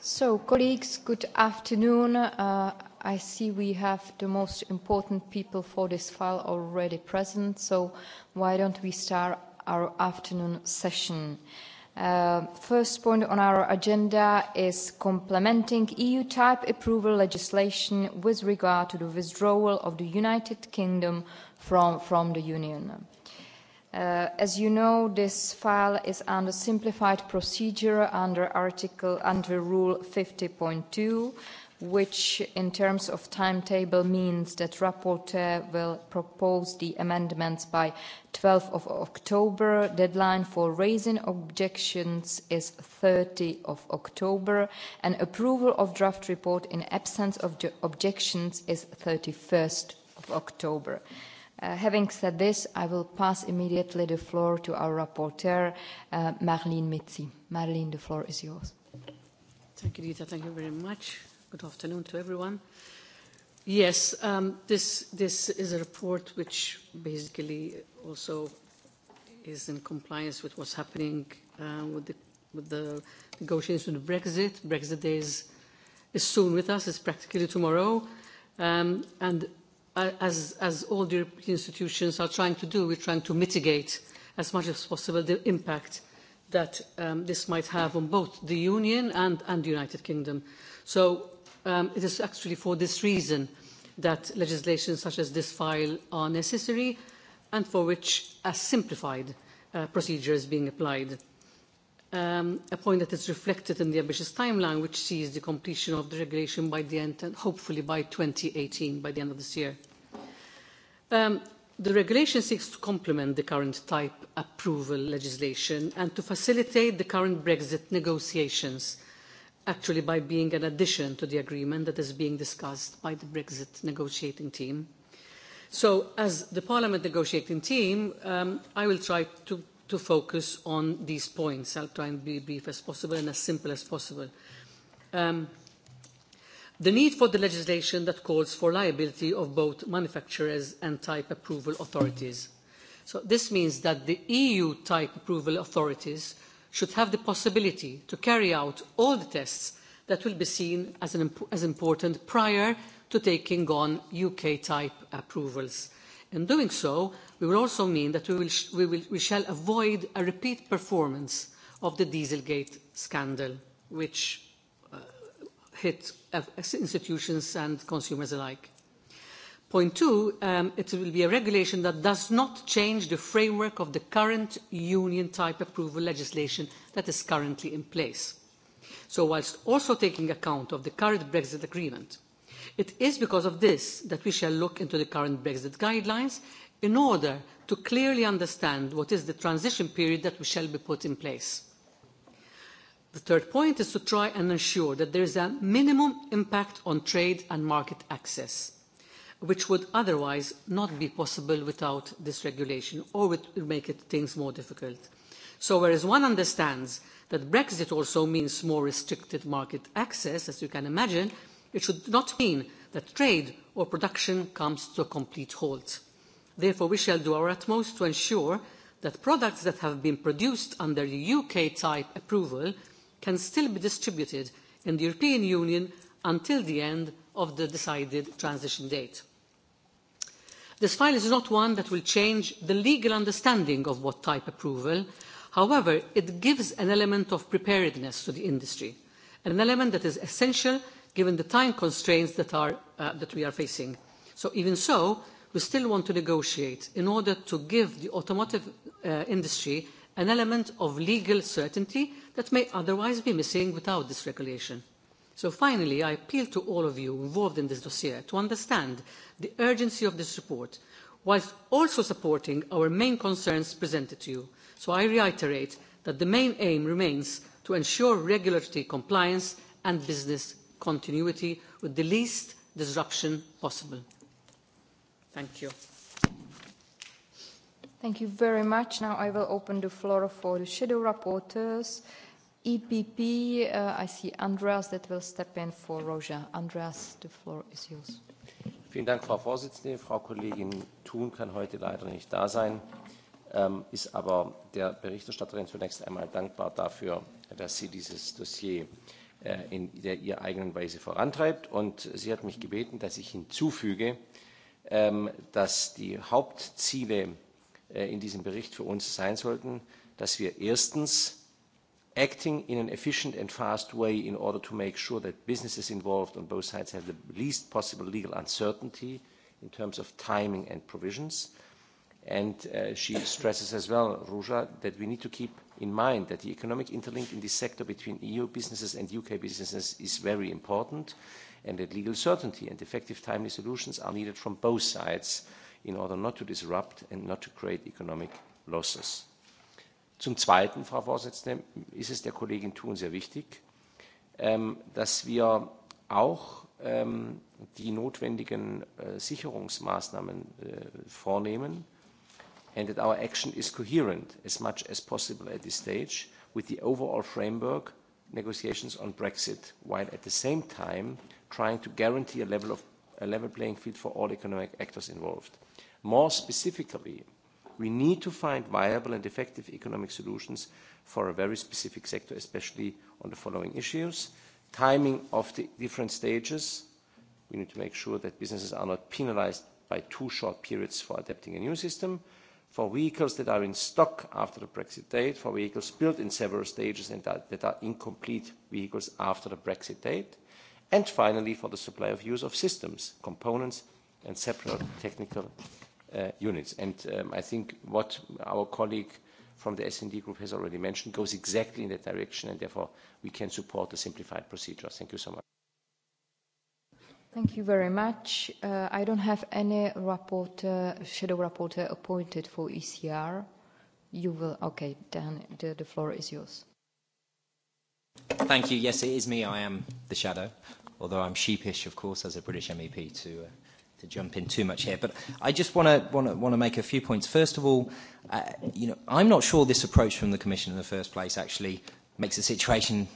So, colleagues, good afternoon. Uh, I see we have the most important people for this file already present, so why don't we start our afternoon session? Uh, first point on our agenda is complementing EU type approval legislation with regard to the withdrawal of the United Kingdom from, from the Union. Uh, as you know, this file is under simplified procedure under article under rule 50.2, which in terms of timetable means that rapporteur will propose the amendments by 12th of October. Deadline for raising objections is 30 of October, and approval of draft report in absence of objections is 31st of October. Uh, Uh, having said this, I will pass immediately the floor to our rapporteur, uh, Marlene Mitzi. Marlene, the floor is yours. Thank you, Dita. Thank you very much. Good afternoon to everyone. Yes, um, this, this is a report which basically also is in compliance with what's happening uh, with, the, with the negotiations with Brexit. Brexit Day is, is soon with us. It's practically tomorrow. Um, and uh, as, as all the European institutions are trying to do, we're trying to mitigate as much as possible the impact that um, this might have on both the Union and, and the United Kingdom. So um, it is actually for this reason that legislation such as this file are necessary and for which a simplified uh, procedure is being applied um, a point that is reflected in the ambitious timeline, which sees the completion of the regulation by the end, and hopefully by 2018, by the end of this year. Um, the regulation seeks to complement the current type approval legislation and to facilitate the current Brexit negotiations, actually by being an addition to the agreement that is being discussed by the Brexit negotiating team. So as the Parliament negotiating team, um, I will try to to focus on these points. I'll try and be brief as possible and as simple as possible. Um, the need for the legislation that calls for liability of both manufacturers and type approval authorities. So this means that the EU type approval authorities should have the possibility to carry out all the tests that will be seen as, an imp as important prior to taking on UK type approvals. Uh, In doing so, we will also mean that we, will sh we, will, we shall avoid a repeat performance of the Dieselgate scandal, which uh, hit uh, institutions and consumers alike. Point two, um, it will be a regulation that does not change the framework of the current union type approval legislation that is currently in place. So whilst also taking account of the current Brexit agreement, It is because of this that we shall look into the current Brexit guidelines in order to clearly understand what is the transition period that we shall be put in place. The third point is to try and ensure that there is a minimum impact on trade and market access, which would otherwise not be possible without this regulation or would make it things more difficult. So whereas one understands that Brexit also means more restricted market access, as you can imagine, It should not mean that trade or production comes to a complete halt. Therefore, we shall do our utmost to ensure that products that have been produced under UK type approval can still be distributed in the European Union until the end of the decided transition date. This file is not one that will change the legal understanding of what type approval, however, it gives an element of preparedness to the industry, an element that is essential given the time constraints that, are, uh, that we are facing. So even so, we still want to negotiate in order to give the automotive uh, industry an element of legal certainty that may otherwise be missing without this regulation. So finally, I appeal to all of you involved in this dossier to understand the urgency of this report, whilst also supporting our main concerns presented to you. So I reiterate that the main aim remains to ensure regulatory compliance and business continuity with the least disruption possible. Thank you. Thank you very much. Now I will open the floor for the shadow rapporteurs. EPP, uh, I see Andreas that will step in for Roja. Andreas, the floor is yours. Vielen Dank, Frau Vorsitzende. Frau Kollegin Thun kann heute leider nicht da sein, ähm, ist aber der Berichterstatterin zunächst einmal dankbar dafür, dass sie dieses Dossier äh, Äh, in der ihr eigenen Weise vorantreibt. Und sie hat mich gebeten, dass ich hinzufüge, ähm, dass die Hauptziele äh, in diesem Bericht für uns sein sollten, dass wir erstens acting in an efficient and fast way in order to make sure that businesses involved on both sides have the least possible legal uncertainty in terms of timing and provisions. And uh, she stresses as well, Ruja, that we need to keep in mind that the economic interlink in this sector between EU businesses and UK businesses is very important and that legal certainty and effective timely solutions are needed from both sides in order not to disrupt and not to create economic losses. Zum Zweiten, Frau Vorsitzende, ist es der Kollegin Thun sehr wichtig, ähm, dass wir auch ähm, die notwendigen äh, Sicherungsmaßnahmen äh, vornehmen, äh, and that our action is coherent as much as possible at this stage with the overall framework negotiations on Brexit, while at the same time trying to guarantee a level, of, a level playing field for all economic actors involved. More specifically, we need to find viable and effective economic solutions for a very specific sector, especially on the following issues. Timing of the different stages. We need to make sure that businesses are not penalized by too short periods for adapting a new system for vehicles that are in stock after the Brexit date, for vehicles built in several stages and that, that are incomplete vehicles after the Brexit date, and finally, for the supply of use of systems, components, and separate technical uh, units. And um, I think what our colleague from the S&D Group has already mentioned goes exactly in that direction, and therefore, we can support the simplified procedure. Thank you so much. Thank you very much. Uh, I don't have any rapporteur, shadow rapporteur appointed for ECR. You will, okay, Dan, the, the floor is yours. Thank you. Yes, it is me. I am the shadow, although I'm sheepish, of course, as a British MEP to, uh, to jump in too much here. But I just want to want to want to make a few points. First of all, uh, you know, I'm not sure this approach from the Commission in the first place actually makes the situation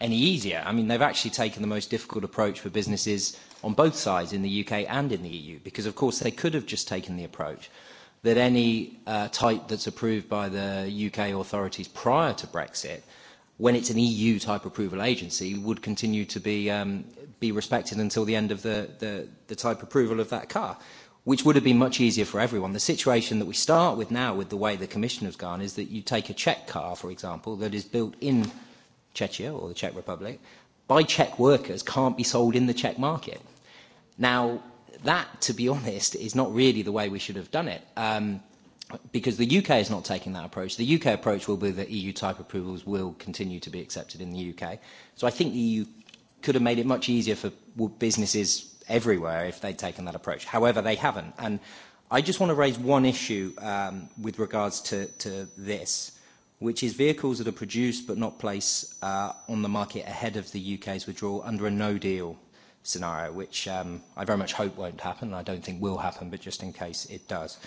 any easier. I mean, they've actually taken the most difficult approach for businesses on both sides, in the UK and in the EU, because of course they could have just taken the approach that any uh, type that's approved by the UK authorities prior to Brexit, when it's an EU type approval agency, would continue to be, um, be respected until the end of the, the, the type approval of that car which would have been much easier for everyone. The situation that we start with now with the way the Commission has gone is that you take a Czech car, for example, that is built in Chechnya or the Czech Republic by Czech workers can't be sold in the Czech market. Now, that, to be honest, is not really the way we should have done it. Um, because the UK is not taking that approach. The UK approach will be that EU type approvals will continue to be accepted in the UK. So I think the EU could have made it much easier for businesses everywhere if they'd taken that approach. However, they haven't. And I just want to raise one issue um, with regards to, to this which is vehicles that are produced but not placed uh, on the market ahead of the UK's withdrawal under a no deal scenario, which um, I very much hope won't happen, and I don't think will happen, but just in case it does.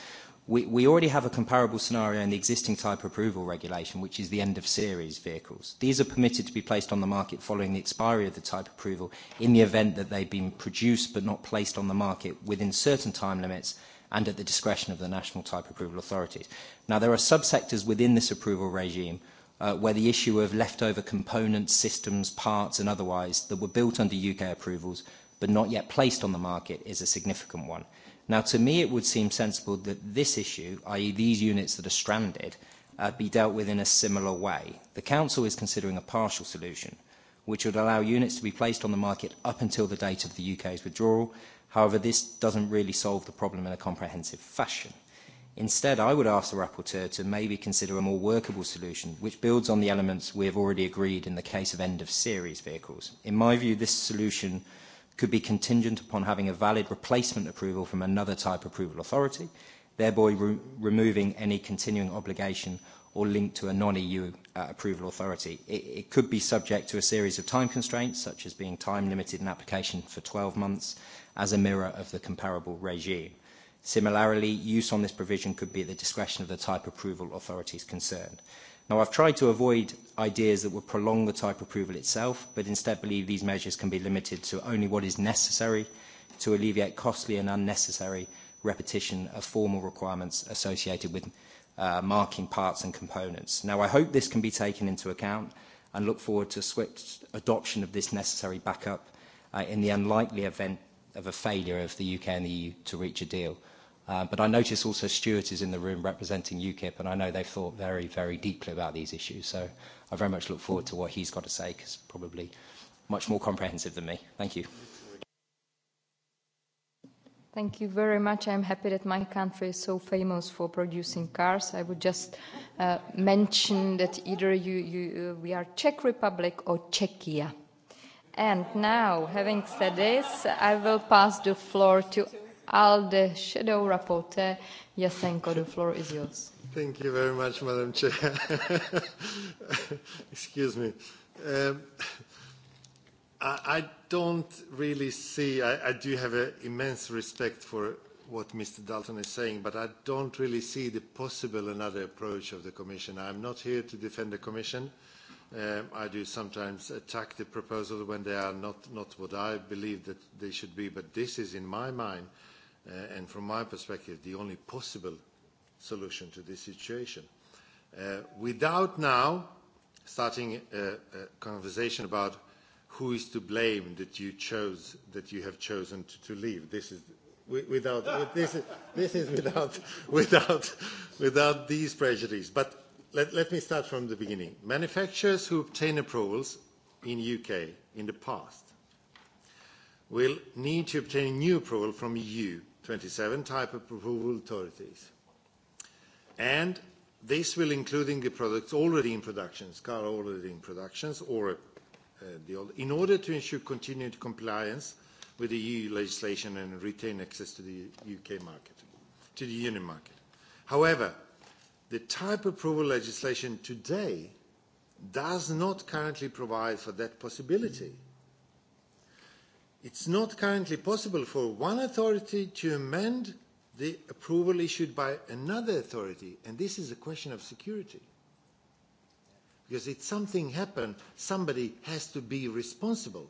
We, we already have a comparable scenario in the existing type approval regulation, which is the end of series vehicles. These are permitted to be placed on the market following the expiry of the type approval in the event that they've been produced but not placed on the market within certain time limits and at the discretion of the national type approval authorities. Now, there are subsectors within this approval regime uh, where the issue of leftover components, systems, parts, and otherwise that were built under UK approvals but not yet placed on the market is a significant one. Now, to me, it would seem sensible that this issue, i.e. these units that are stranded, uh, be dealt with in a similar way. The Council is considering a partial solution, which would allow units to be placed on the market up until the date of the UK's withdrawal, However, this doesn't really solve the problem in a comprehensive fashion. Instead, I would ask the rapporteur to maybe consider a more workable solution, which builds on the elements we have already agreed in the case of end-of-series vehicles. In my view, this solution could be contingent upon having a valid replacement approval from another type approval authority, thereby re removing any continuing obligation or link to a non-EU uh, approval authority. It, it could be subject to a series of time constraints, such as being time limited in application for 12 months, as a mirror of the comparable regime. Similarly, use on this provision could be at the discretion of the type approval authorities concerned. Now, I've tried to avoid ideas that would prolong the type approval itself, but instead believe these measures can be limited to only what is necessary to alleviate costly and unnecessary repetition of formal requirements associated with uh, marking parts and components. Now, I hope this can be taken into account and look forward to swift adoption of this necessary backup uh, in the unlikely event of a failure of the UK and the EU to reach a deal. Uh, but I notice also Stuart is in the room representing UKIP, and I know they've thought very, very deeply about these issues. So I very much look forward to what he's got to say, because probably much more comprehensive than me. Thank you. Thank you very much. I'm happy that my country is so famous for producing cars. I would just uh, mention that either you, you, uh, we are Czech Republic or Czechia And now, having said this, I will pass the floor to ALDE Shadow Rapporteur. Jasenko, the floor is yours. Thank you very much, Madam Chair. Excuse me. Um, I, I don't really see, I, I do have an immense respect for what Mr. Dalton is saying, but I don't really see the possible another approach of the Commission. I'm not here to defend the Commission. Uh, Um, I do sometimes attack the proposal when they are not, not what I believe that they should be, but this is, in my mind, uh, and from my perspective, the only possible solution to this situation. Uh, without now starting a, a conversation about who is to blame that you chose, that you have chosen to, to leave. This is without, this is, this is without, without, without these prejudices. But Let, let me start from the beginning. Manufacturers who obtain approvals in U.K. in the past will need to obtain new approval from EU 27 type of approval authorities. And this will including the products already in productions, car already in productions, or uh, the, in order to ensure continued compliance with the EU legislation and retain access to the U.K. market, to the union market. However, The type approval legislation today does not currently provide for that possibility. It's not currently possible for one authority to amend the approval issued by another authority, and this is a question of security. Because if something happened, somebody has to be responsible.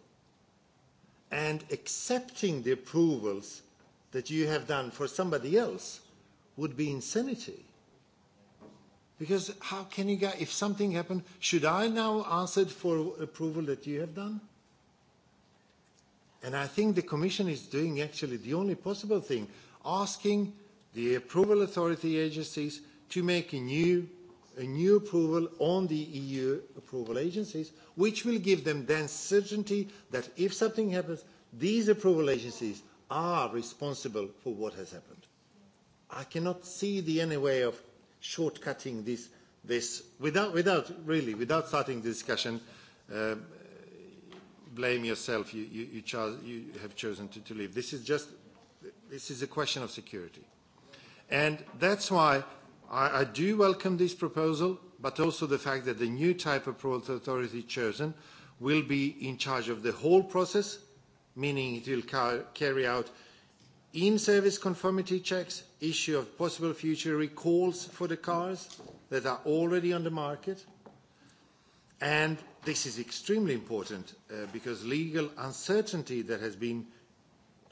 And accepting the approvals that you have done for somebody else would be insanity. Because how can you get, if something happened, should I now ask it for approval that you have done? And I think the Commission is doing actually the only possible thing, asking the approval authority agencies to make a new, a new approval on the EU approval agencies, which will give them then certainty that if something happens, these approval agencies are responsible for what has happened. I cannot see the any way of shortcutting this, this without, without really, without starting the discussion, uh, blame yourself. You, you, you, cho- you have chosen to, to leave. This is just, this is a question of security. And that's why I, I do welcome this proposal, but also the fact that the new type of Port Authority chosen will be in charge of the whole process, meaning it will car- carry out in-service conformity checks, issue of possible future recalls for the cars that are already on the market. And this is extremely important uh, because legal uncertainty that has been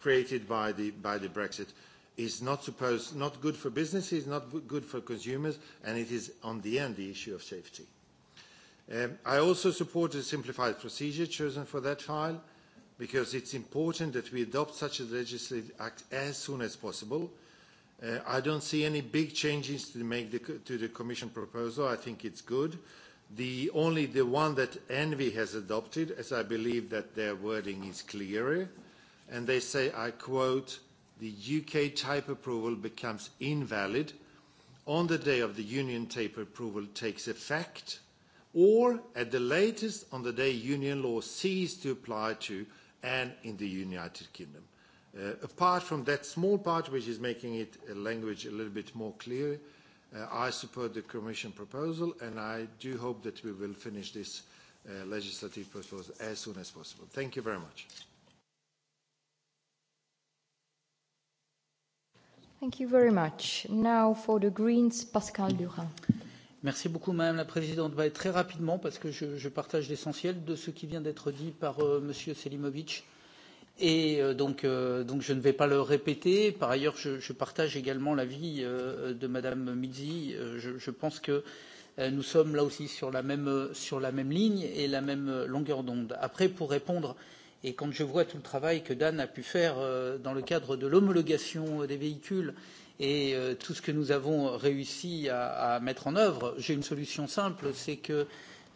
created by the, by the Brexit is not supposed, not good for businesses, not good for consumers, and it is on the end the issue of safety. Um, I also support the simplified procedure chosen for that file because it's important that we adopt such a legislative act as soon as possible uh, Uh, I don't see any big changes to make the, to the Commission proposal. I think it's good. The only the one that ENVI has adopted, as I believe that their wording is clearer, and they say, I quote, "The U.K. type approval becomes invalid on the day of the Union type approval takes effect, or at the latest on the day Union law ceases to apply to and in the United Kingdom." Uh, apart from that small part, which is making it a uh, language a little bit more clear, uh, I support the Commission proposal, and I do hope that we will finish this uh, legislative proposal as soon as possible. Thank you very much. Thank you very much. Now for the Greens, Pascal Durand. Merci beaucoup, Madame la Présidente. Bah, très rapidement, parce que je, je partage l'essentiel de ce qui vient d'être dit par euh, Monsieur Selimovic. Euh, Et euh, donc, euh, donc je ne vais pas le répéter. Par ailleurs, je, je partage également l'avis euh, de Madame Mizzi. Euh, je, je pense que euh, nous sommes là aussi sur la, même, euh, sur la même ligne et la même longueur d'onde. Après, pour répondre, et quand je vois tout le travail que Dan a pu faire euh, dans le cadre de l'homologation des véhicules et euh, tout ce que nous avons réussi à, à mettre en œuvre, j'ai une solution simple, c'est que euh,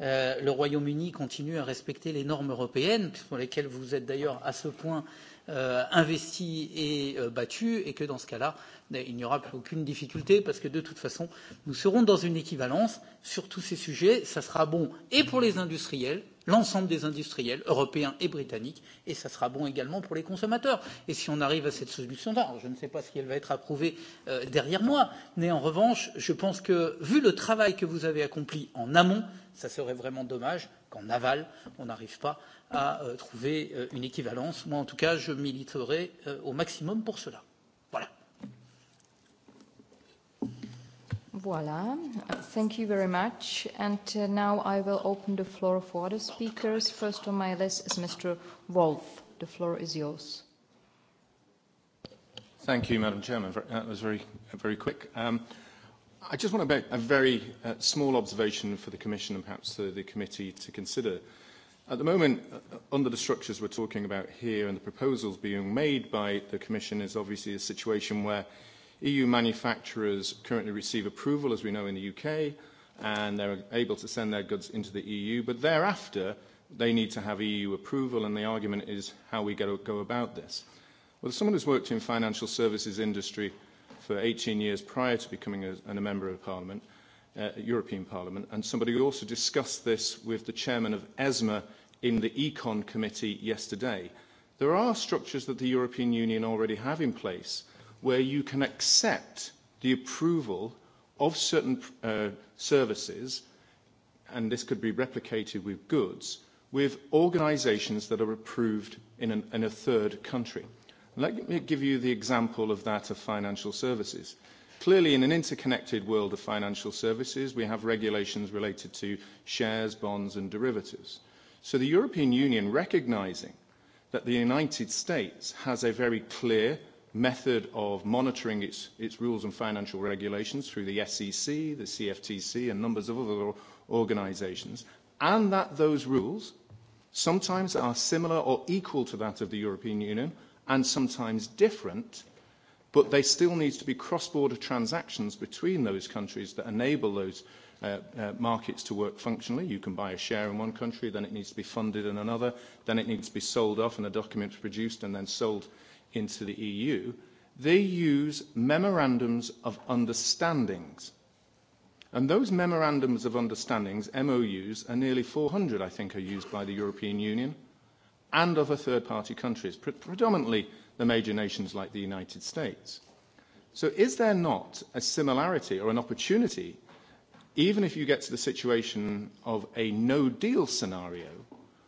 euh, le Royaume-Uni continue à respecter les normes européennes, pour lesquelles vous êtes d'ailleurs à ce point euh, investi et euh, battu, et que dans ce cas-là, il n'y aura plus aucune difficulté, parce que de toute façon, nous serons dans une équivalence sur tous ces sujets. Ça sera bon et pour les industriels, l'ensemble des industriels européens et britanniques et ça sera bon également pour les consommateurs. Et si on arrive à cette solution là, je ne sais pas si elle va être approuvée euh, derrière moi, mais en revanche, je pense que vu le travail que vous avez accompli en amont, ça serait vraiment dommage qu'en aval, on n'arrive pas à euh, trouver euh, une équivalence. Moi, en tout cas, je militerai euh, au maximum pour cela. Voilà. Thank you very much. And uh, now I will open the floor for the speakers. First on my list is Mr. Wolf. The floor is yours. Thank you, Madam Chairman. That was very, very quick. Um, I just want to make a very uh, small observation for the Commission and perhaps the, the committee to consider. At the moment, uh, uh under the structures we're talking about here and the proposals being made by the Commission is obviously a situation where uh, EU manufacturers currently receive approval, as we know in the UK, and they're able to send their goods into the EU, but thereafter they need to have EU approval, and the argument is how we go, go about this. Well, as someone who's worked in financial services industry for 18 years prior to becoming a, a member of Parliament, uh, European Parliament, and somebody who also discussed this with the chairman of ESMA in the Econ Committee yesterday, there are structures that the European Union already have in place – where you can accept the approval of certain uh, services, and this could be replicated with goods, with organizations that are approved in, an, in a third country. Let me give you the example of that of financial services. Clearly, in an interconnected world of financial services, we have regulations related to shares, bonds, and derivatives. So the European Union, recognizing that the United States has a very clear method of monitoring its, its rules and financial regulations through the SEC, the CFTC, and numbers of other organizations, and that those rules sometimes are similar or equal to that of the European Union and sometimes different, but they still need to be cross-border transactions between those countries that enable those Uh, uh, markets to work functionally. You can buy a share in one country, then it needs to be funded in another, then it needs to be sold off and a document produced and then sold into the EU, they use memorandums of understandings. And those memorandums of understandings, MOUs, are nearly 400, I think, are used by the European Union and other third-party countries, pre predominantly the major nations like the United States. So is there not a similarity or an opportunity, even if you get to the situation of a no-deal scenario,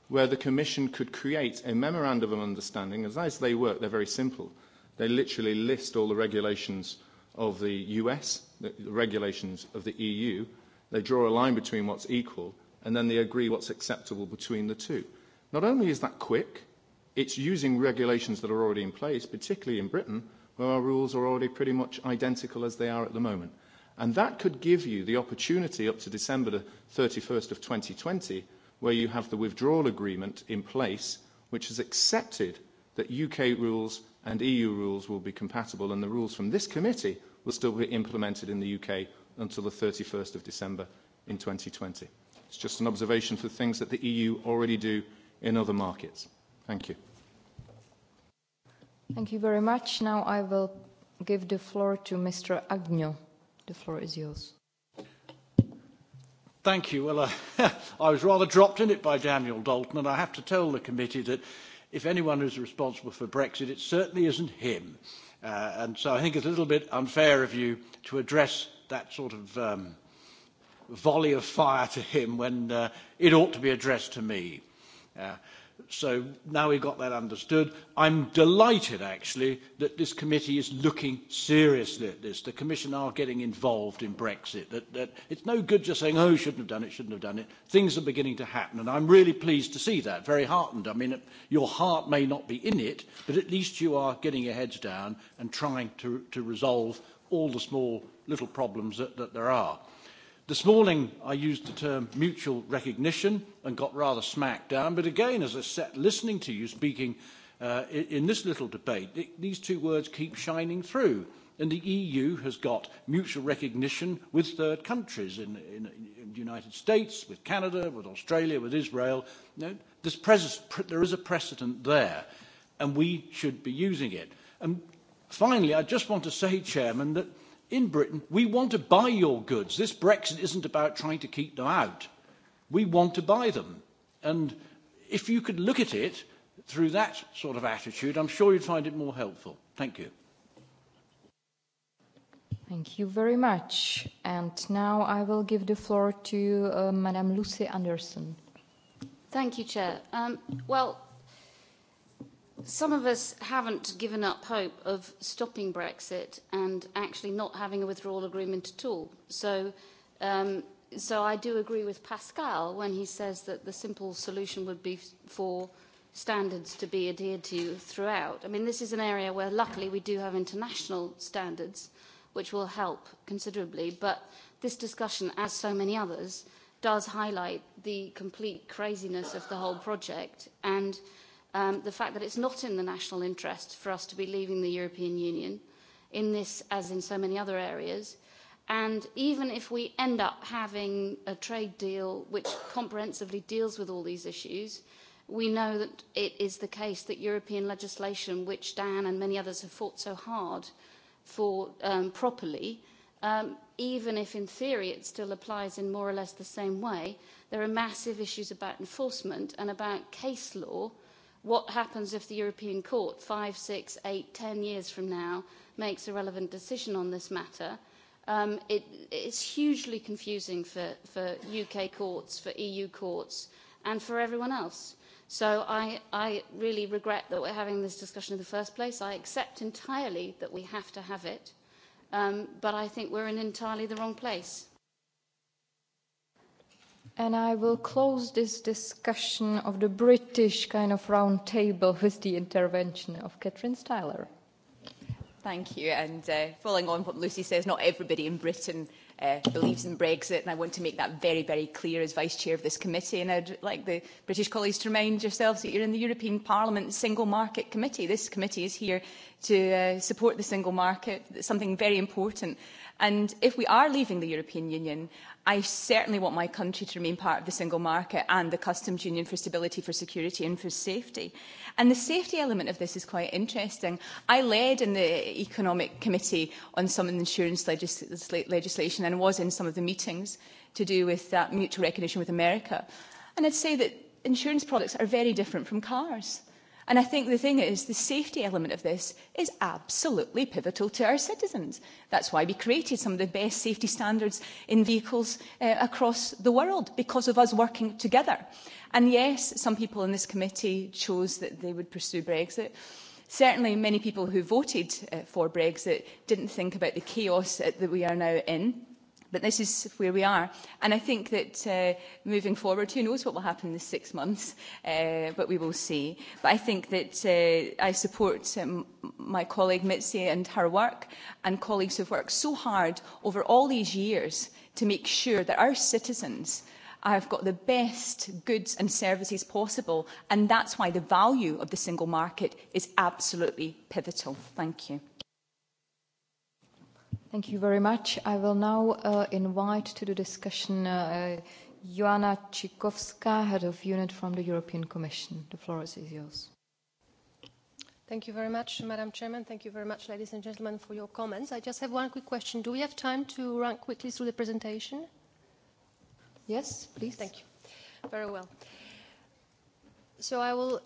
where the Commission could create a memorandum of understanding. As, as they work, they're very simple. They literally list all the regulations of the US, the regulations of the EU. They draw a line between what's equal, and then they agree what's acceptable between the two. Not only is that quick, it's using regulations that are already in place, particularly in Britain, where our rules are already pretty much identical as they are at the moment. And that could give you the opportunity up to December the 31st of 2020 where you have the withdrawal agreement in place, which has accepted that UK rules and EU rules will be compatible, and the rules from this committee will still be implemented in the UK until the 31st of December in 2020. It's just an observation for things that the EU already do in other markets. Thank you. Thank you very much. Now I will give the floor to Mr. Agnew. The floor is yours. Thank you. Well, uh, I was rather dropped in it by Daniel Dalton, and I have to tell the committee that if anyone is responsible for Brexit, it certainly isn't him. Uh, and so I think it's a little bit unfair of you to address that sort of um, volley of fire to him when uh, it ought to be addressed to me. Uh, So now we've got that understood. I'm delighted, actually, that this committee is looking seriously at this. The Commission are getting involved in Brexit. That, that it's no good just saying, oh, shouldn't have done it, shouldn't have done it. Things are beginning to happen, and I'm really pleased to see that, very heartened. I mean, your heart may not be in it, but at least you are getting your heads down and trying to, to resolve all the small little problems that, that there are. This morning I used the term mutual recognition and got rather smacked down, but again, as I sat listening to you speaking uh, in, in this little debate, it, these two words keep shining through. And the EU has got mutual recognition with third countries in, in, in the United States, with Canada, with Australia, with Israel. You know, this pres- pr- there is a precedent there, and we should be using it. And finally, I just want to say, Chairman, that in Britain, we want to buy your goods. This Brexit isn't about trying to keep them out. We want to buy them. And if you could look at it through that sort of attitude, I'm sure you'd find it more helpful. Thank you. Thank you very much. And now I will give the floor to uh, Madame Lucy Anderson. Thank you, Chair. Um, well, Some of us haven't given up hope of stopping Brexit and actually not having a withdrawal agreement at all. So, um, so I do agree with Pascal when he says that the simple solution would be for standards to be adhered to throughout. I mean, this is an area where luckily we do have international standards, which will help considerably. But this discussion, as so many others, does highlight the complete craziness of the whole project and um, the fact that it's not in the national interest for us to be leaving the European Union, in this as in so many other areas. And even if we end up having a trade deal which comprehensively deals with all these issues, we know that it is the case that European legislation, which Dan and many others have fought so hard for um, properly, um, even if in theory it still applies in more or less the same way, there are massive issues about enforcement and about case law uh, what happens if the European Court, five, six, eight, ten years from now, makes a relevant decision on this matter? Um, it, it's hugely confusing for, for UK courts, for EU courts, and for everyone else. So I, I really regret that we're having this discussion in the first place. I accept entirely that we have to have it, um, but I think we're in entirely the wrong place. And I will close this discussion of the British kind of round table with the intervention of Catherine Styler. Thank you. And uh, following on what Lucy says, not everybody in Britain uh, believes in Brexit, and I want to make that very, very clear as Vice Chair of this committee. And I'd like the British colleagues to remind yourselves that you're in the European Parliament Single Market Committee. This committee is here to uh, support the single market, It's something very important. And if we are leaving the European Union, I certainly want my country to remain part of the single market and the customs union for stability, for security and for safety. And the safety element of this is quite interesting. I led in the Economic Committee on some insurance legis legislation and was in some of the meetings to do with that uh, mutual recognition with America. And I'd say that insurance products are very different from cars. Uh, And I think the thing is, the safety element of this is absolutely pivotal to our citizens. That's why we created some of the best safety standards in vehicles uh, across the world, because of us working together. And yes, some people in this committee chose that they would pursue Brexit. Certainly, many people who voted uh, for Brexit didn't think about the chaos uh, that we are now in But this is where we are. And I think that uh, moving forward, who knows what will happen in the six months, uh, but we will see. But I think that uh, I support um, my colleague Mitzi and her work, and colleagues who've worked so hard over all these years to make sure that our citizens have got the best goods and services possible. And that's why the value of the single market is absolutely pivotal. Thank you. Thank you very much. I will now uh, invite to the discussion uh, Joanna uh, Tchaikovska, Head of Unit from the European Commission. The floor is yours. Thank you very much, Madam Chairman. Thank you very much, ladies and gentlemen, for your comments. I just have one quick question. Do we have time to run quickly through the presentation? Yes, please. Thank you. Very well. So I will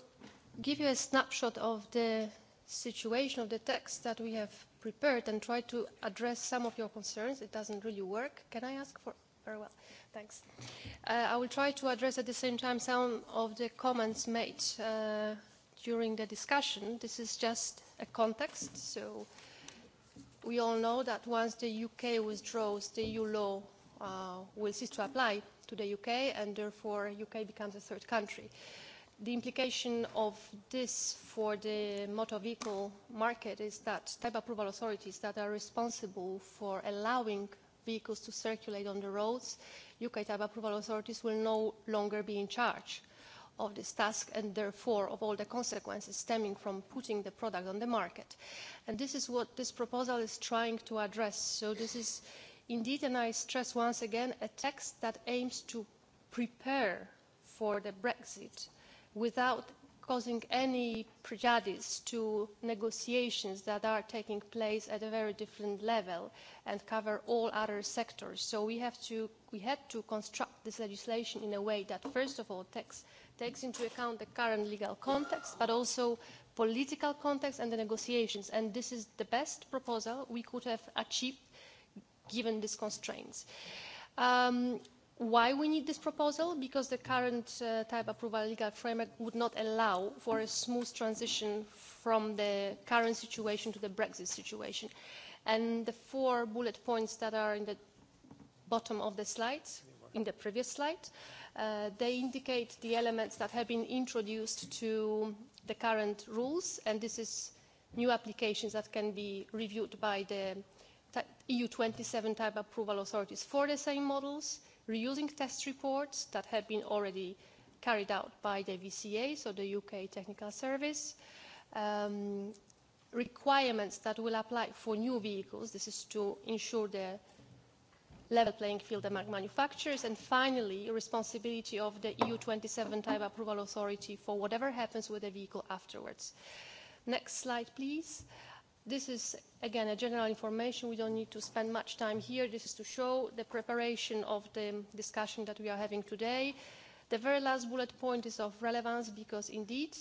give you a snapshot of the situation of the text that we have prepared and tried to address some of your concerns. It doesn't really work. Can I ask for... Very well, thanks. Uh, I will try to address at the same time some of the comments made uh, during the discussion. This is just a context, so we all know that once the UK withdraws, the EU law uh, will cease to apply to the UK, and therefore UK becomes a third country. Uh, the implication of this for the motor vehicle market is that type approval authorities that are responsible for allowing vehicles to circulate on the roads, UK type approval authorities will no longer be in charge of this task and therefore of all the consequences stemming from putting the product on the market. And this is what this proposal is trying to address. So this is indeed, and I stress once again, a text that aims to prepare for the Brexit without causing any prejudice to negotiations that are taking place at a very different level and cover all other sectors. So we, have to, we had to construct this legislation in a way that, first of all, takes, takes into account the current legal context, but also political context and the negotiations. And this is the best proposal we could have achieved given these constraints. Um, why we need this proposal because the current uh, type approval legal framework would not allow for a smooth transition from the current situation to the brexit situation and the four bullet points that are in the bottom of the slide in the previous slide uh, they indicate the elements that have been introduced to the current rules and this is new applications that can be reviewed by the eu twenty seven type approval authorities for the same models reusing test reports that have been already carried out by the VCA, so the UK Technical Service, um, requirements that will apply for new vehicles. This is to ensure the level playing field among manufacturers. And finally, responsibility of the EU27 type approval authority for whatever happens with the vehicle afterwards. Next slide, please. Uh, This is, again, a general information. We don't need to spend much time here. This is to show the preparation of the discussion that we are having today. The very last bullet point is of relevance because, indeed,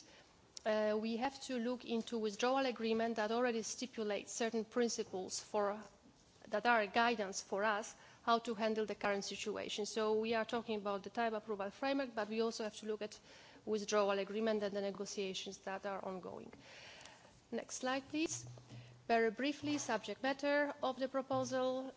uh, we have to look into withdrawal agreement that already stipulates certain principles for, that are guidance for us how to handle the current situation. So we are talking about the type approval framework, but we also have to look at withdrawal agreement and the negotiations that are ongoing. Next slide, please. Uh, very briefly subject matter of the proposal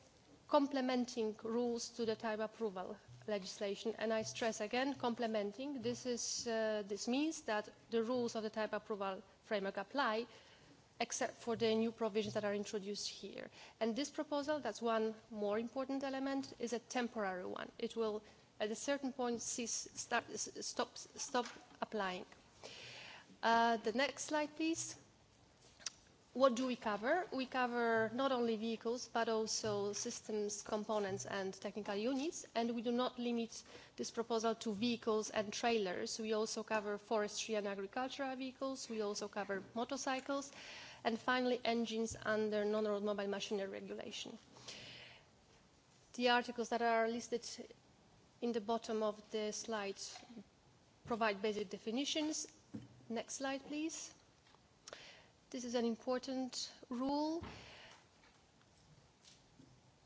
complementing rules to the type approval legislation and i stress again complementing this is uh, this means that the rules of the type approval framework apply except for the new provisions that are introduced here and this proposal that's one more important element is a temporary one it will at a certain point cease start, stop stop applying uh, the next slide please what do we cover? We cover not only vehicles, but also systems, components and technical units, and we do not limit this proposal to vehicles and trailers. We also cover forestry and agricultural vehicles, we also cover motorcycles, and finally engines under non-road mobile machinery regulation. The articles that are listed in the bottom of the slide provide basic definitions. Next slide, please. This is an important rule.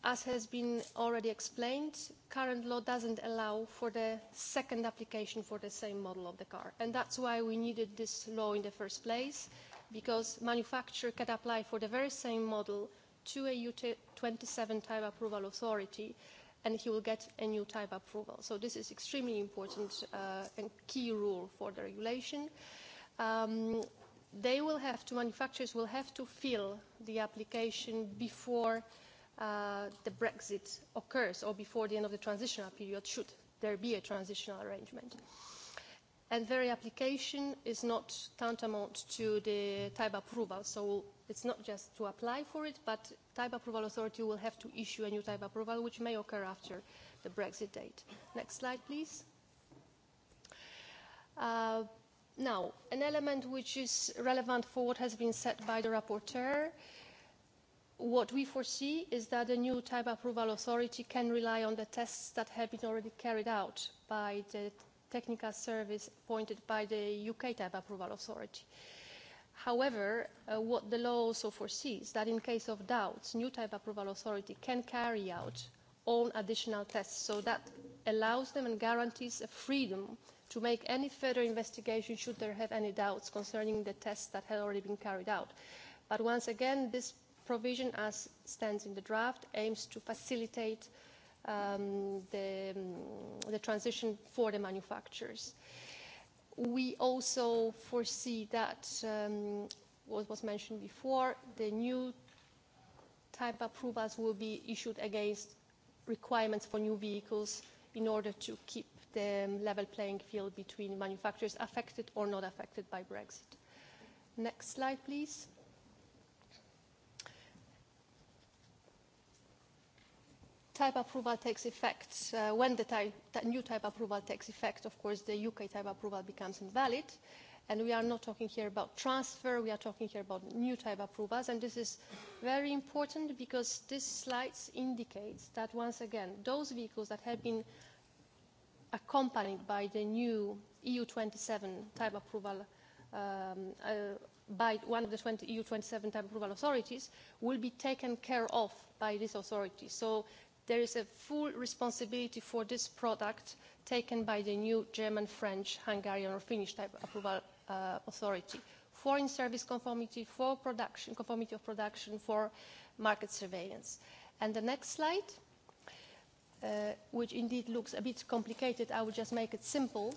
As has been already explained, current law doesn't allow for the second application for the same model of the car. And that's why we needed this law in the first place, because manufacturer can apply for the very same model to a U27 type approval authority, and he will get a new type approval. So this is extremely important uh, and key rule for the regulation. Um, they will have to, manufacturers will have to fill the application before uh, the Brexit occurs or before the end of the transitional period, should there be a transitional arrangement. And their application is not tantamount to the type approval, so it's not just to apply for it, but type approval authority will have to issue a new type approval, which may occur after the Brexit date. Next slide, please. Uh, Now, an element which is relevant for what has been said by the rapporteur, what we foresee is that the new type approval authority can rely on the tests that have been already carried out by the technical service appointed by the UK type approval authority. However, uh, what the law also foresees that in case of doubts, new type approval authority can carry out own additional tests. So that allows them and guarantees a freedom uh, to make any further investigation should there have any doubts concerning the tests that had already been carried out. But once again, this provision, as stands in the draft, aims to facilitate um, the, um, the transition for the manufacturers. We also foresee that, um, what was mentioned before, the new type approvals will be issued against requirements for new vehicles in order to keep the um, level playing field between manufacturers affected or not affected by Brexit. Next slide, please. type approval takes effect, uh, when the type, new type approval takes effect, of course, the UK type approval becomes invalid. And we are not talking here about transfer, we are talking here about new type approvals. And this is very important because this slide indicates that, once again, those vehicles that have been accompanied by the new EU27 type approval um, uh, by one of the 20, EU27 type approval authorities will be taken care of by this authority. So there is a full responsibility for this product taken by the new German, French, Hungarian or Finnish type approval uh, authority for in-service conformity, for production, conformity of production, for market surveillance. And the next slide uh, which indeed looks a bit complicated, I will just make it simple,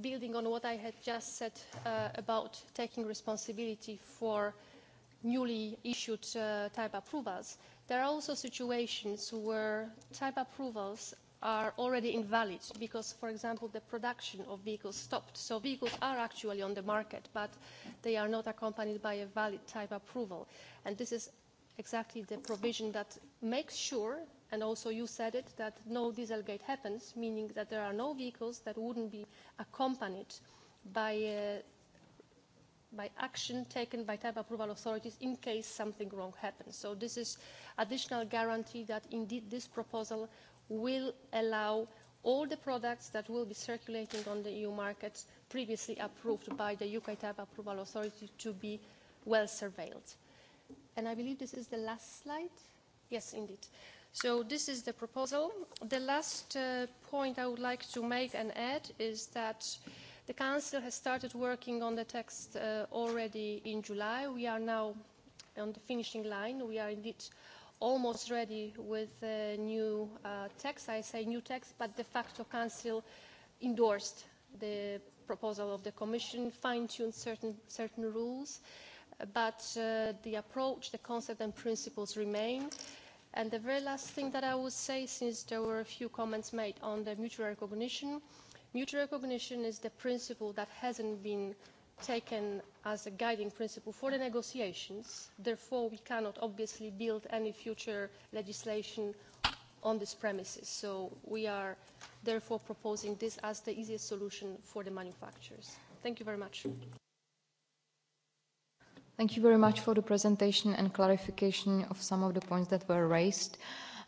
building on what I had just said uh, about taking responsibility for newly issued uh, type approvals. There are also situations where type approvals are already invalid because, for example, the production of vehicles stopped. So vehicles are actually on the market, but they are not accompanied by a valid type approval. And this is exactly the provision that makes sure and also you said it, that no Dieselgate happens, meaning that there are no vehicles that wouldn't be accompanied by, uh, by action taken by type approval authorities in case something wrong happens. So this is additional guarantee that indeed this proposal will allow all the products that will be circulating on the EU markets previously approved by the UK type approval authority to be well surveilled. And I believe this is the last slide. Yes, indeed. Uh, So this is the proposal. The last uh, point I would like to make and add is that the Council has started working on the text uh, already in July. We are now on the finishing line. We are indeed almost ready with a new uh, text. I say new text, but de facto Council endorsed the proposal of the Commission, fine-tuned certain, certain rules, but uh, the approach, the concept and principles remain. Uh, And the very last thing that I would say, since there were a few comments made on the mutual recognition, mutual recognition is the principle that hasn't been taken as a guiding principle for the negotiations. Therefore, we cannot obviously build any future legislation on this premises. So we are therefore proposing this as the easiest solution for the manufacturers. Thank you very much. Thank you very much for the presentation and clarification of some of the points that were raised.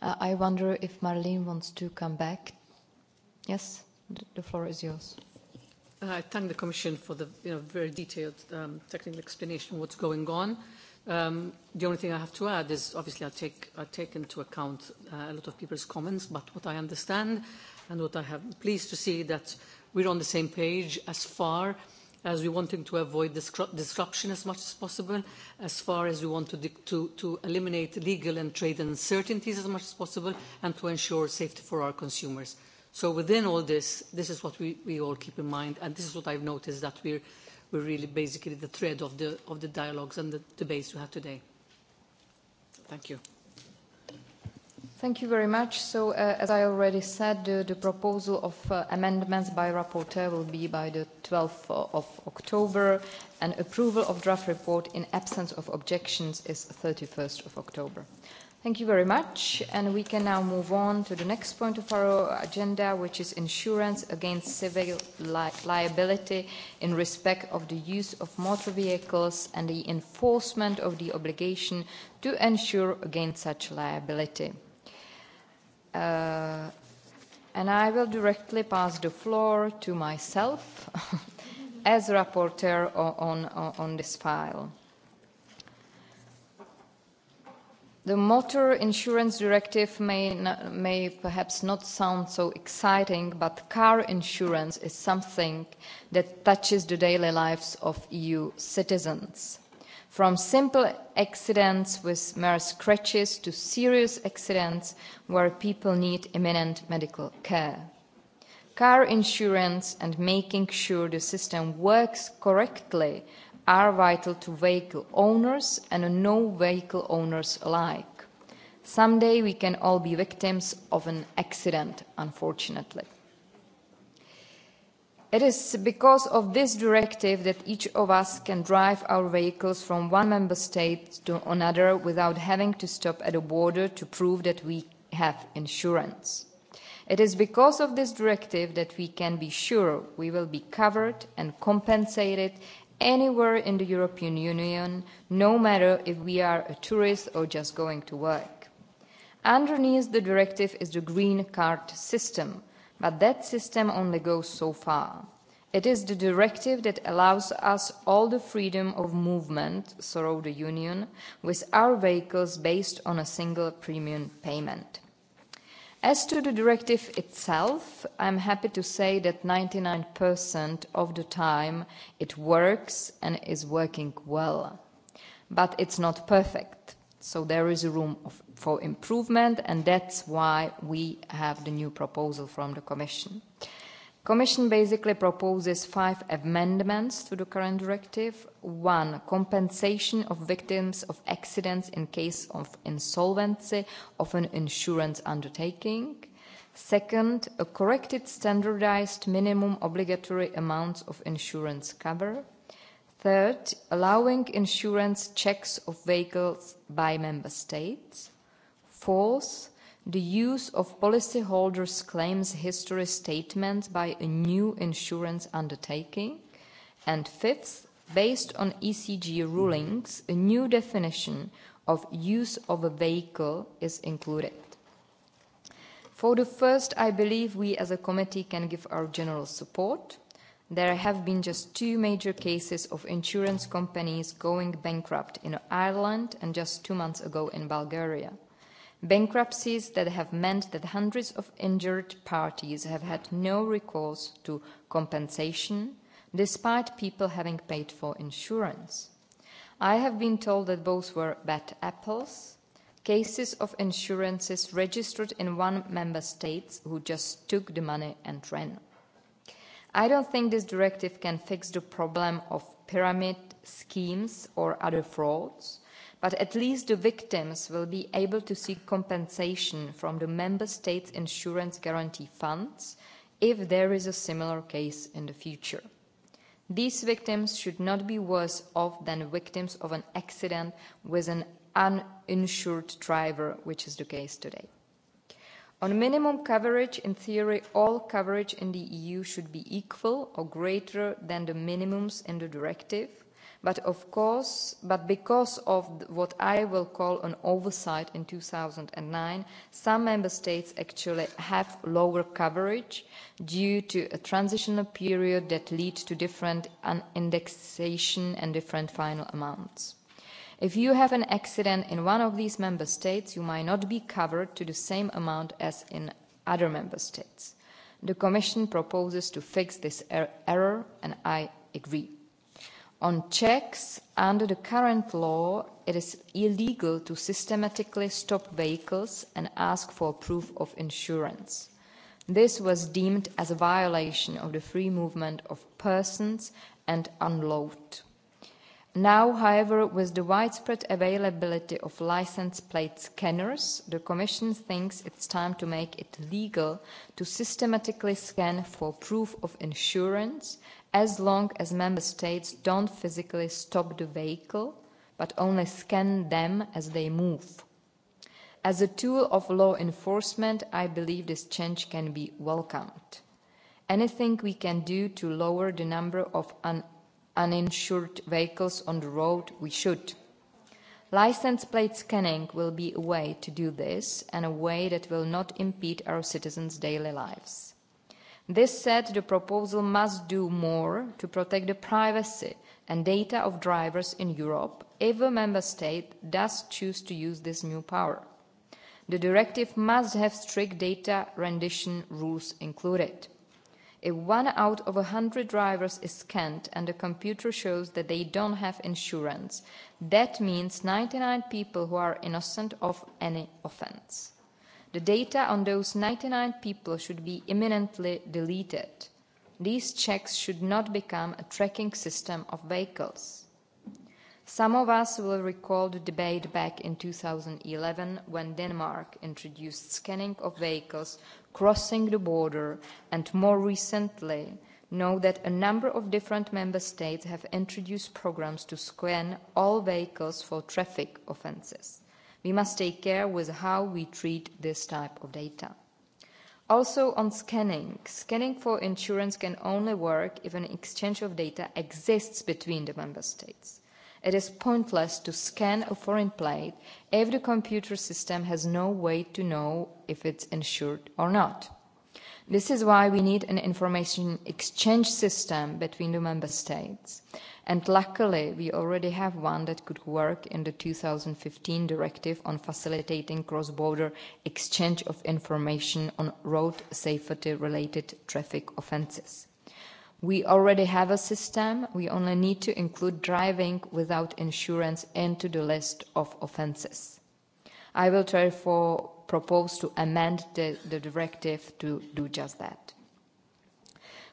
Uh, I wonder if Marlene wants to come back. Yes, the floor is yours. Uh, I thank the Commission for the you know, very detailed um, technical explanation of what's going on. Um, the only thing I have to add is obviously I take, I take into account uh, a lot of people's comments, but what I understand and what I am pleased to see that we're on the same page as far as as we're wanting to avoid disruption as much as possible, as far as we want to, to, to eliminate legal and trade uncertainties as much as possible, and to ensure safety for our consumers. So within all this, this is what we, we all keep in mind, and this is what I've noticed, that we're, we're really basically the thread of the, of the dialogues and the debates we have today. Thank you. Thank you very much. So, uh, as I already said, uh, the proposal of uh, amendments by rapporteur will be by the 12th uh, of October, and approval of draft report in absence of objections is 31st of October. Thank you very much, and we can now move on to the next point of our agenda, which is insurance against civil li liability in respect of the use of motor vehicles and the enforcement of the obligation to ensure against such liability. Uh, and I will directly pass the floor to myself as rapporteur on, on, on this file. The motor insurance directive may, may perhaps not sound so exciting, but car insurance is something that touches the daily lives of EU citizens from simple accidents with mere scratches to serious accidents where people need imminent medical care. Car insurance and making sure the system works correctly are vital to vehicle owners and no vehicle owners alike. Someday we can all be victims of an accident, unfortunately. It is because of this directive that each of us can drive our vehicles from one member state to another without having to stop at a border to prove that we have insurance. It is because of this directive that we can be sure we will be covered and compensated anywhere in the European Union, no matter if we are a tourist or just going to work. Underneath the directive is the green card system – But that system only goes so far. It is the directive that allows us all the freedom of movement throughout the Union with our vehicles based on a single premium payment. As to the directive itself, I'm happy to say that 99% of the time it works and is working well. But it's not perfect, so there is room of for improvement, and that's why we have the new proposal from the Commission. Commission basically proposes five amendments to the current directive. One, compensation of victims of accidents in case of insolvency of an insurance undertaking. Second, a corrected standardized minimum obligatory amounts of insurance cover. Third, allowing insurance checks of vehicles by member states. Fourth, the use of policyholders' claims history statements by a new insurance undertaking. And fifth, based on ECG rulings, a new definition of use of a vehicle is included. For the first, I believe we as a committee can give our general support. There have been just two major cases of insurance companies going bankrupt in Ireland and just two months ago in Bulgaria bankruptcies that have meant that hundreds of injured parties have had no recourse to compensation, despite people having paid for insurance. I have been told that both were bad apples, cases of insurances registered in one member state who just took the money and ran. I don't think this directive can fix the problem of pyramid schemes or other frauds but at least the victims will be able to seek compensation from the member states' insurance guarantee funds if there is a similar case in the future. These victims should not be worse off than victims of an accident with an uninsured driver, which is the case today. On minimum coverage, in theory, all coverage in the EU should be equal or greater than the minimums in the directive, but of course but because of what i will call an oversight in two thousand and nine some member states actually have lower coverage due to a transitional period that leads to different indexation and different final amounts. if you have an accident in one of these member states you might not be covered to the same amount as in other member states. the commission proposes to fix this er-, error and i agree. On checks, under the current law, it is illegal to systematically stop vehicles and ask for proof of insurance. This was deemed as a violation of the free movement of persons and unlawed. Now, however, with the widespread availability of license plate scanners, the Commission thinks it's time to make it legal to systematically scan for proof of insurance as long as member states don't physically stop the vehicle, but only scan them as they move. As a tool of law enforcement, I believe this change can be welcomed. Anything we can do to lower the number of un uninsured vehicles on the road, we should. License plate scanning will be a way to do this and a way that will not impede our citizens' daily lives. This said, the proposal must do more to protect the privacy and data of drivers in Europe if a member state does choose to use this new power. The directive must have strict data rendition rules included. A one out of a hundred drivers is scanned and the computer shows that they don't have insurance. That means 99 people who are innocent of any offense. The data on those 99 people should be imminently deleted. These checks should not become a tracking system of vehicles. Some of us will recall the debate back in 2011 when Denmark introduced scanning of vehicles crossing the border and more recently know that a number of different member states have introduced programmes to scan all vehicles for traffic offences. We must take care with how we treat this type of data. Also on scanning, scanning for insurance can only work if an exchange of data exists between the member states. It is pointless to scan a foreign plate; every computer system has no way to know if it's insured or not. This is why we need an information exchange system between the member states, and luckily we already have one that could work in the 2015 directive on facilitating cross-border exchange of information on road safety-related traffic offences. We already have a system, we only need to include driving without insurance into the list of offences. I will therefore propose to amend the, the directive to do just that.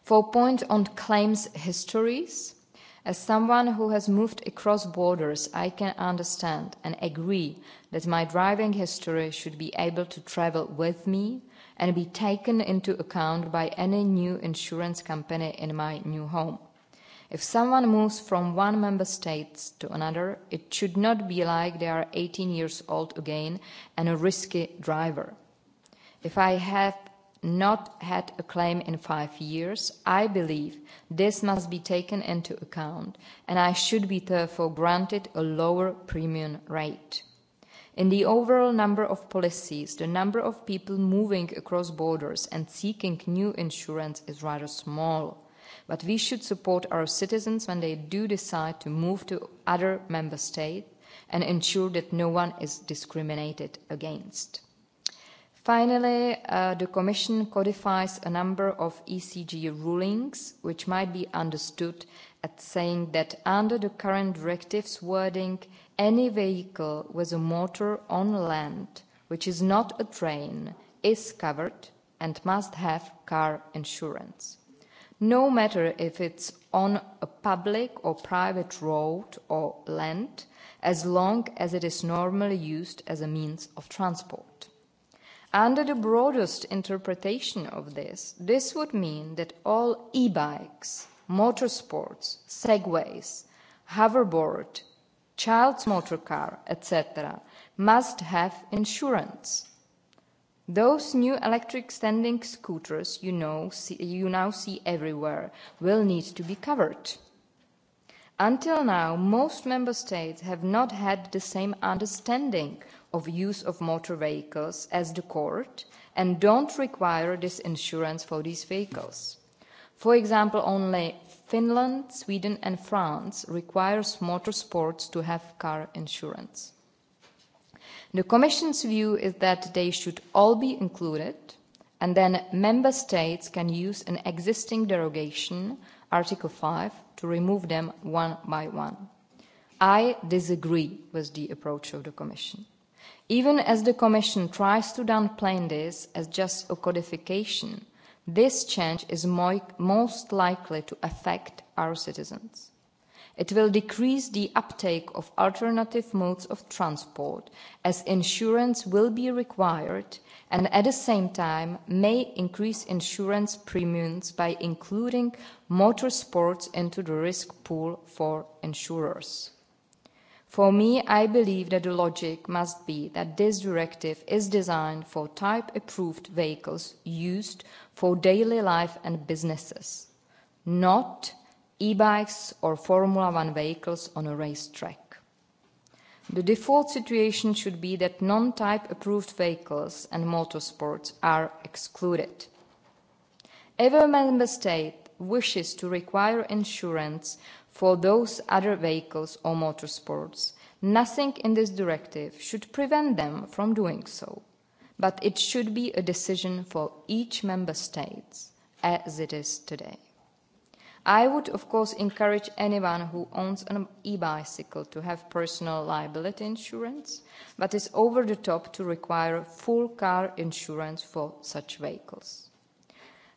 Four points on claims histories. As someone who has moved across borders, I can understand and agree that my driving history should be able to travel with me and be taken into account by any new insurance company in my new home. If someone moves from one member state to another, it should not be like they are 18 years old again and a risky driver. If I have not had a claim in five years, I believe this must be taken into account and I should be therefore granted a lower premium rate. In the overall number of policies, the number of people moving across borders and seeking new insurance is rather small. But we should support our citizens when they do decide to move to other member states and ensure that no one is discriminated against. Finally, uh, the Commission codifies a number of ECG rulings, which might be understood as saying that under the current directive's wording, Any vehicle with a motor on land which is not a train is covered and must have car insurance, no matter if it's on a public or private road or land, as long as it is normally used as a means of transport. Under the broadest interpretation of this, this would mean that all e-bikes, motorsports, segways, hoverboard, child's motor car, etc., must have insurance. Those new electric standing scooters you, know, see, you now see everywhere will need to be covered. Until now, most member states have not had the same understanding of use of motor vehicles as the court and don't require this insurance for these vehicles. For example, only Finland, Sweden, and France requires motorsports to have car insurance. The Commission's view is that they should all be included, and then member states can use an existing derogation, Article 5, to remove them one by one. I disagree with the approach of the Commission. Even as the Commission tries to downplay this as just a codification, This change is most likely to affect our citizens. It will decrease the uptake of alternative modes of transport, as insurance will be required, and at the same time may increase insurance premiums by including motor sports into the risk pool for insurers. For me, I believe that the logic must be that this directive is designed for type-approved vehicles used for daily life and businesses, not e-bikes or Formula One vehicles on a racetrack. The default situation should be that non-type-approved vehicles and motorsports are excluded. Every member state wishes to require insurance for those other vehicles or motorsports. Nothing in this directive should prevent them from doing so, but it should be a decision for each member state as it is today. I would of course encourage anyone who owns an e-bicycle to have personal liability insurance, but it's over the top to require full car insurance for such vehicles.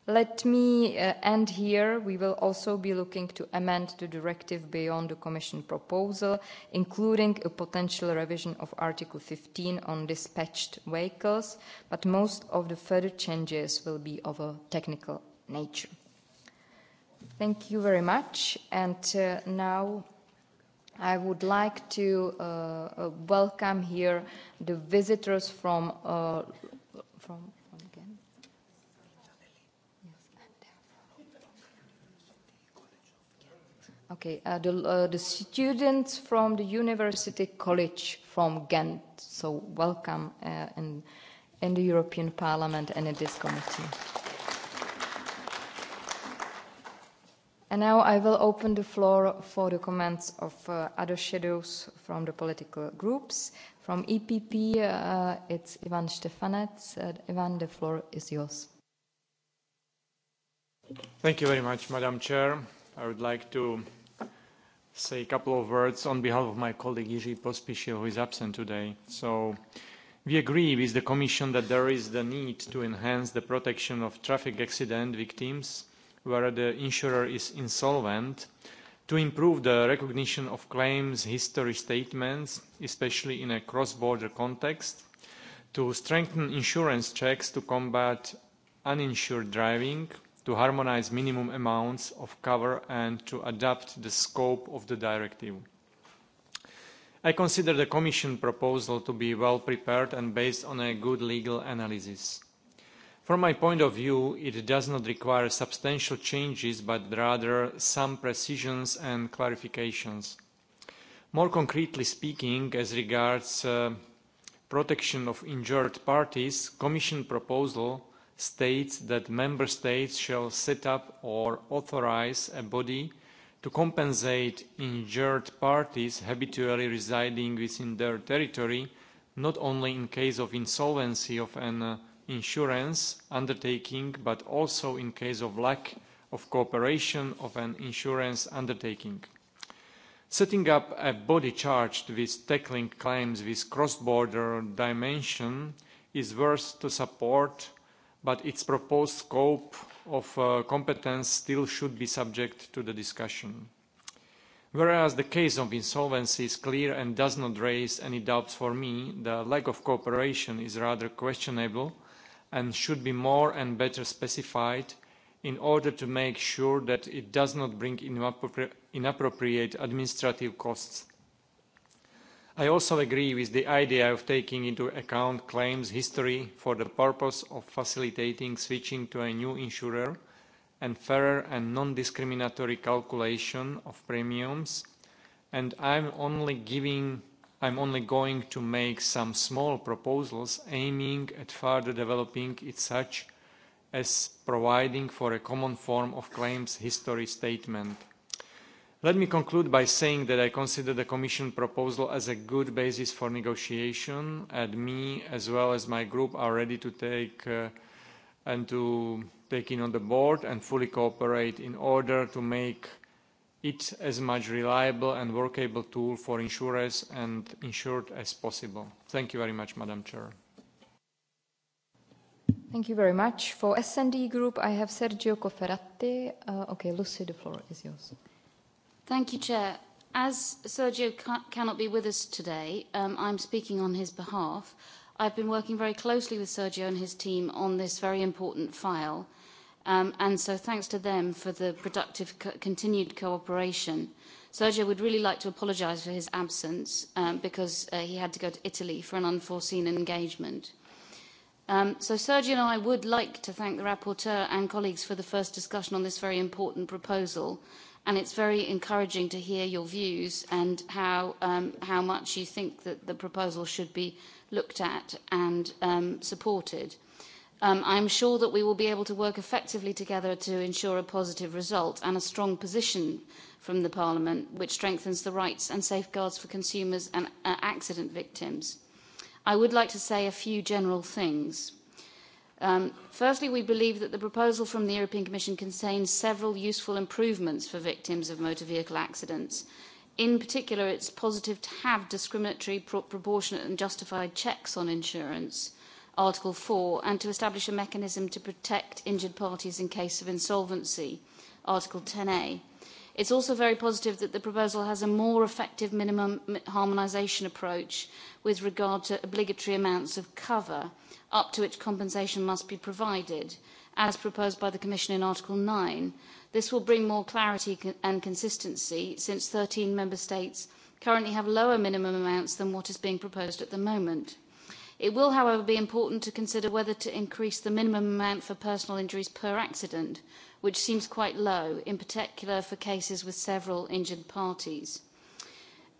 Let me uh, end here. We will also be looking to amend the directive beyond the Commission proposal, including a potential revision of Article 15 on dispatched vehicles, but most of the further changes will be of a technical nature. Thank you very much. And uh, now I would like to uh, uh, welcome here the visitors from, uh, from Okay, uh, the, uh, the students from the University College from Ghent, so welcome uh, in, in the European Parliament and in this committee. And now I will open the floor for the comments of uh, other shadows from the political groups. From EPP, uh, it's Ivan Stefanets. Uh, Ivan, the floor is yours. Thank you very much, Madam Chair. I would like to say a couple of words on behalf of my colleague Jiří Pospíšil, who is absent today. So we agree with the Commission that there is the need to enhance the protection of traffic accident victims where the insurer is insolvent, to improve the recognition of claims history statements, especially in a cross-border context, to strengthen insurance checks to combat uninsured driving, to harmonize minimum amounts of cover and to adapt the scope of the directive. I consider the Commission proposal to be well prepared and based on a good legal analysis. From my point of view, it does not require substantial changes, but rather some precisions and clarifications. More concretely speaking, as regards uh, protection of injured parties, Commission proposal states that member states shall set up or authorize a body to compensate injured parties habitually residing within their territory, not only in case of insolvency of an uh, insurance undertaking, but also in case of lack of cooperation of an insurance undertaking. Setting up a body charged with tackling claims with cross-border dimension is worth to support but its proposed scope of uh, competence still should be subject to the discussion. Whereas the case of insolvency is clear and does not raise any doubts for me, the lack of cooperation is rather questionable and should be more and better specified in order to make sure that it does not bring inappropri inappropriate administrative costs I also agree with the idea of taking into account claims history for the purpose of facilitating switching to a new insurer and fairer and non-discriminatory calculation of premiums, and I'm only giving I'm only going to make some small proposals aiming at further developing it such as providing for a common form of claims history statement Let me conclude by saying that I consider the Commission proposal as a good basis for negotiation, and me as well as my group are ready to take uh, and to take in on the board and fully cooperate in order to make it as much reliable and workable tool for insurers and insured as possible. Thank you very much, Madam Chair. Thank you very much. For S&D Group, I have Sergio Cofferati. Uh, okay, Lucy, the floor is yours. Thank you, Chair. As Sergio ca cannot be with us today, um, I'm speaking on his behalf. I've been working very closely with Sergio and his team on this very important file, um, and so thanks to them for the productive co continued cooperation. Sergio would really like to apologise for his absence um, because uh, he had to go to Italy for an unforeseen engagement. Um, so Sergio and I would like to thank the rapporteur and colleagues for the first discussion on this very important proposal and it's very encouraging to hear your views and how, um, how much you think that the proposal should be looked at and um, supported. Um, I'm sure that we will be able to work effectively together to ensure a positive result and a strong position from the Parliament, which strengthens the rights and safeguards for consumers and uh, accident victims. I would like to say a few general things. Um, firstly, we believe that the proposal from the European Commission contains several useful improvements for victims of motor vehicle accidents. In particular, it's positive to have discriminatory, pro proportionate and justified checks on insurance, Article 4, and to establish a mechanism to protect injured parties in case of insolvency, Article 10A. It's also very positive that the proposal has a more effective minimum harmonisation approach with regard to obligatory amounts of cover up to which compensation must be provided, as proposed by the Commission in Article 9. This will bring more clarity and consistency since 13 Member States currently have lower minimum amounts than what is being proposed at the moment. It will, however, be important to consider whether to increase the minimum amount for personal injuries per accident, which seems quite low, in particular for cases with several injured parties.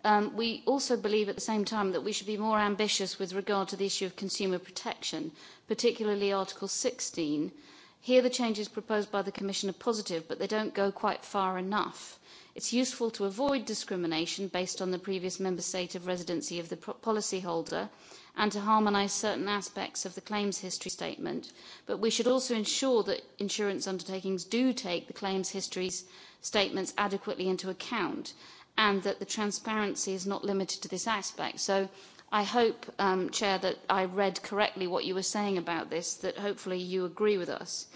Um, we also believe at the same time that we should be more ambitious with regard to the issue of consumer protection, particularly Article 16. Here the changes proposed by the Commission are positive, but they don't go quite far enough. It's useful to avoid discrimination based on the previous member state of residency of the policyholder and to harmonise certain aspects of the claims history statement, but we should also ensure that insurance undertakings do take the claims history statements adequately into account and that the transparency is not limited to this aspect. So I hope, um, Chair, that I read correctly what you were saying about this, that hopefully you agree with us.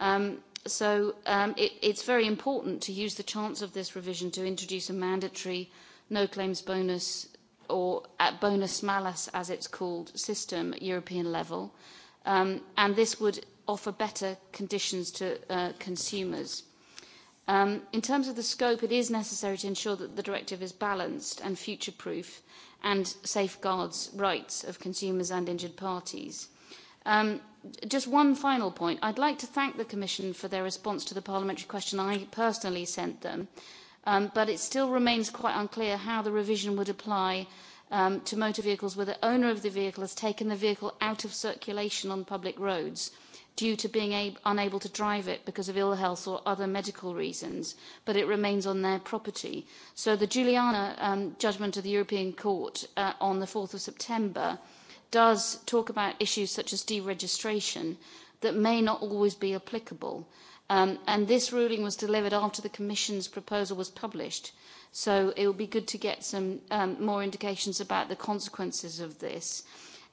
Um, so um, it, it's very important to use the chance of this revision to introduce a mandatory no claims bonus or at bonus malus, as it's called, system at European level. Um, and this would offer better conditions to uh, consumers. Um, in terms of the scope, it is necessary to ensure that the directive is balanced and future-proof and safeguards rights of consumers and injured parties. Um, just one final point. I'd like to thank the Commission for their response to the parliamentary question I personally sent them um, but it still remains quite unclear how the revision would apply um, to motor vehicles where the owner of the vehicle has taken the vehicle out of circulation on public roads due to being ab unable to drive it because of ill health or other medical reasons, but it remains on their property. So the Juliana um, judgment of the European Court uh, on the 4th of September does talk about issues such as deregistration that may not always be applicable. Um, and this ruling was delivered after the Commission's proposal was published. So it would be good to get some um, more indications about the consequences of this.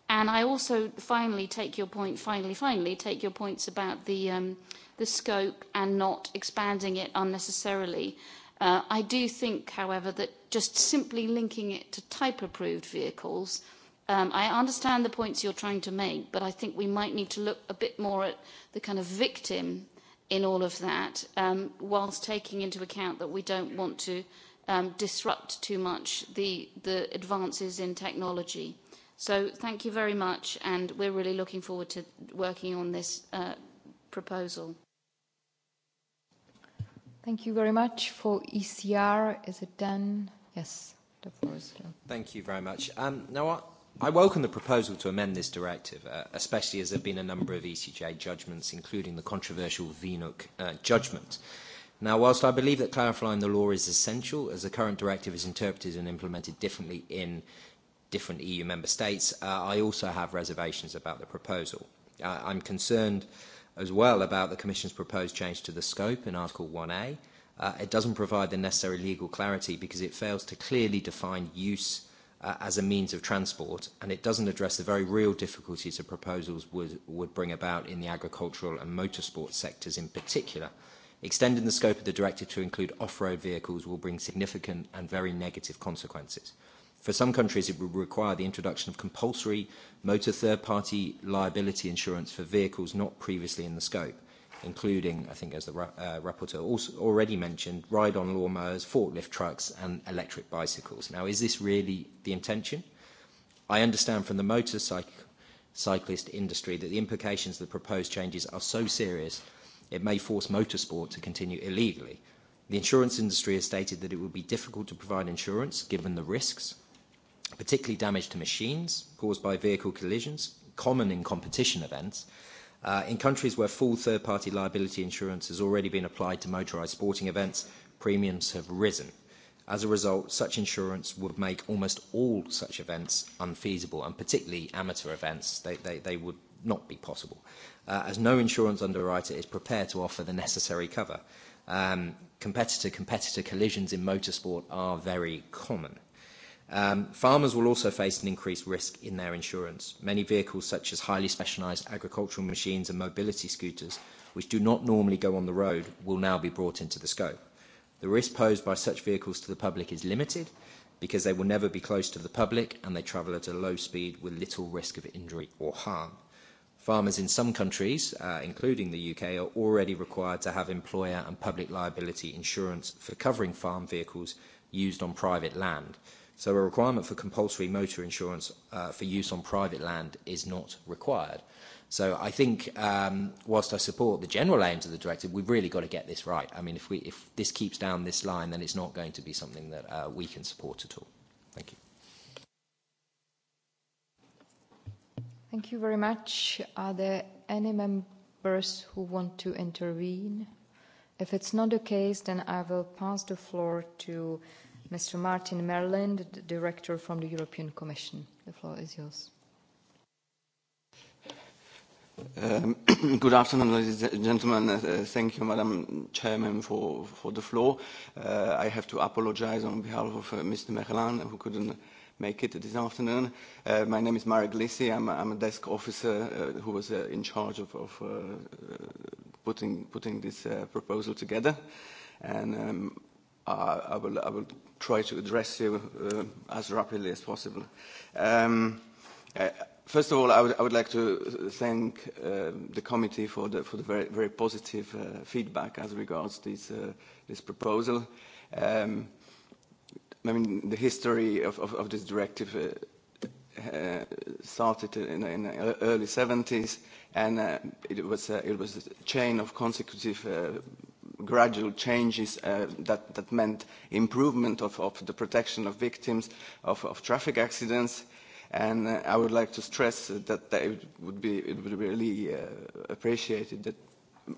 And I also finally take your point, finally, finally, take your points about the, um, the scope and not expanding it unnecessarily. Uh, I do think, however, that just simply linking it to type-approved vehicles, um, I understand the points you're trying to make, but I think we might need to look a bit more at the kind of victim in all of that, um, whilst taking into account that we don't want to um, disrupt too much the, the advances in technology. So thank you very much, and we're really looking forward to working on this uh, proposal. Thank you very much. For ECR, is it done? Yes, the floor is done. Thank you very much. Um, now, I welcome the proposal to amend this directive, uh, especially as there have been a number of ECJ judgments, including the controversial VNUC uh, judgment. Now, whilst I believe that clarifying the law is essential, as the current directive is interpreted and implemented differently in different EU member states, uh, I also have reservations about the proposal. Uh, I'm concerned as well about the Commission's proposed change to the scope in Article 1A. Uh, it doesn't provide the necessary legal clarity because it fails to clearly define use uh, as a means of transport, and it doesn't address the very real difficulties the proposals would, would bring about in the agricultural and motorsport sectors in particular. Extending the scope of the directive to include off-road vehicles will bring significant and very negative consequences. For some countries, it would require the introduction of compulsory motor third-party liability insurance for vehicles not previously in the scope including, I think as the ra uh, rapporteur also already mentioned, ride-on lawnmowers, forklift trucks and electric bicycles. Now, is this really the intention? I understand from the motorcycle cyclist industry that the implications of the proposed changes are so serious it may force motorsport to continue illegally. The insurance industry has stated that it would be difficult to provide insurance given the risks, particularly damage to machines caused by vehicle collisions, common in competition events, Uh, in countries where full third-party liability insurance has already been applied to motorized sporting events, premiums have risen. As a result, such insurance would make almost all such events unfeasible, and particularly amateur events, they, they, they would not be possible, uh, as no insurance underwriter is prepared to offer the necessary cover. Um, competitor-competitor collisions in motorsport are very common. Um, farmers will also face an increased risk in their insurance. Many vehicles, such as highly specialised agricultural machines and mobility scooters, which do not normally go on the road, will now be brought into the scope. The risk posed by such vehicles to the public is limited because they will never be close to the public and they travel at a low speed with little risk of injury or harm. Farmers in some countries, uh, including the UK, are already required to have employer and public liability insurance for covering farm vehicles used on private land. Uh, So a requirement for compulsory motor insurance uh, for use on private land is not required. So I think, um, whilst I support the general aims of the directive, we've really got to get this right. I mean, if, we, if this keeps down this line, then it's not going to be something that uh, we can support at all. Thank you. Thank you very much. Are there any members who want to intervene? If it's not the case, then I will pass the floor to uh, Mr. Martin Merland, the director from the European Commission. The floor is yours. Um, good afternoon, ladies and gentlemen. Uh, thank you, Madam Chairman, for, for the floor. Uh, I have to apologize on behalf of uh, Mr. Merlan, who couldn't make it this afternoon. Uh, my name is Marek Lissi. I'm, I'm a desk officer uh, who was uh, in charge of, of uh, putting, putting this uh, proposal together. And um, uh, I, will, I will try to address you uh, as rapidly as possible. Um, uh, first of all, I would, I would like to thank uh, the committee for the, for the very, very positive uh, feedback as regards this, uh, this proposal. Um, I mean, the history of, of, of this directive uh, uh, started in, in the early 70s, and uh, it, was a, uh, it was a chain of consecutive uh, gradual changes uh, that, that meant improvement of, of the protection of victims of, of traffic accidents. And uh, I would like to stress that, that it would be it would be really uh, appreciated that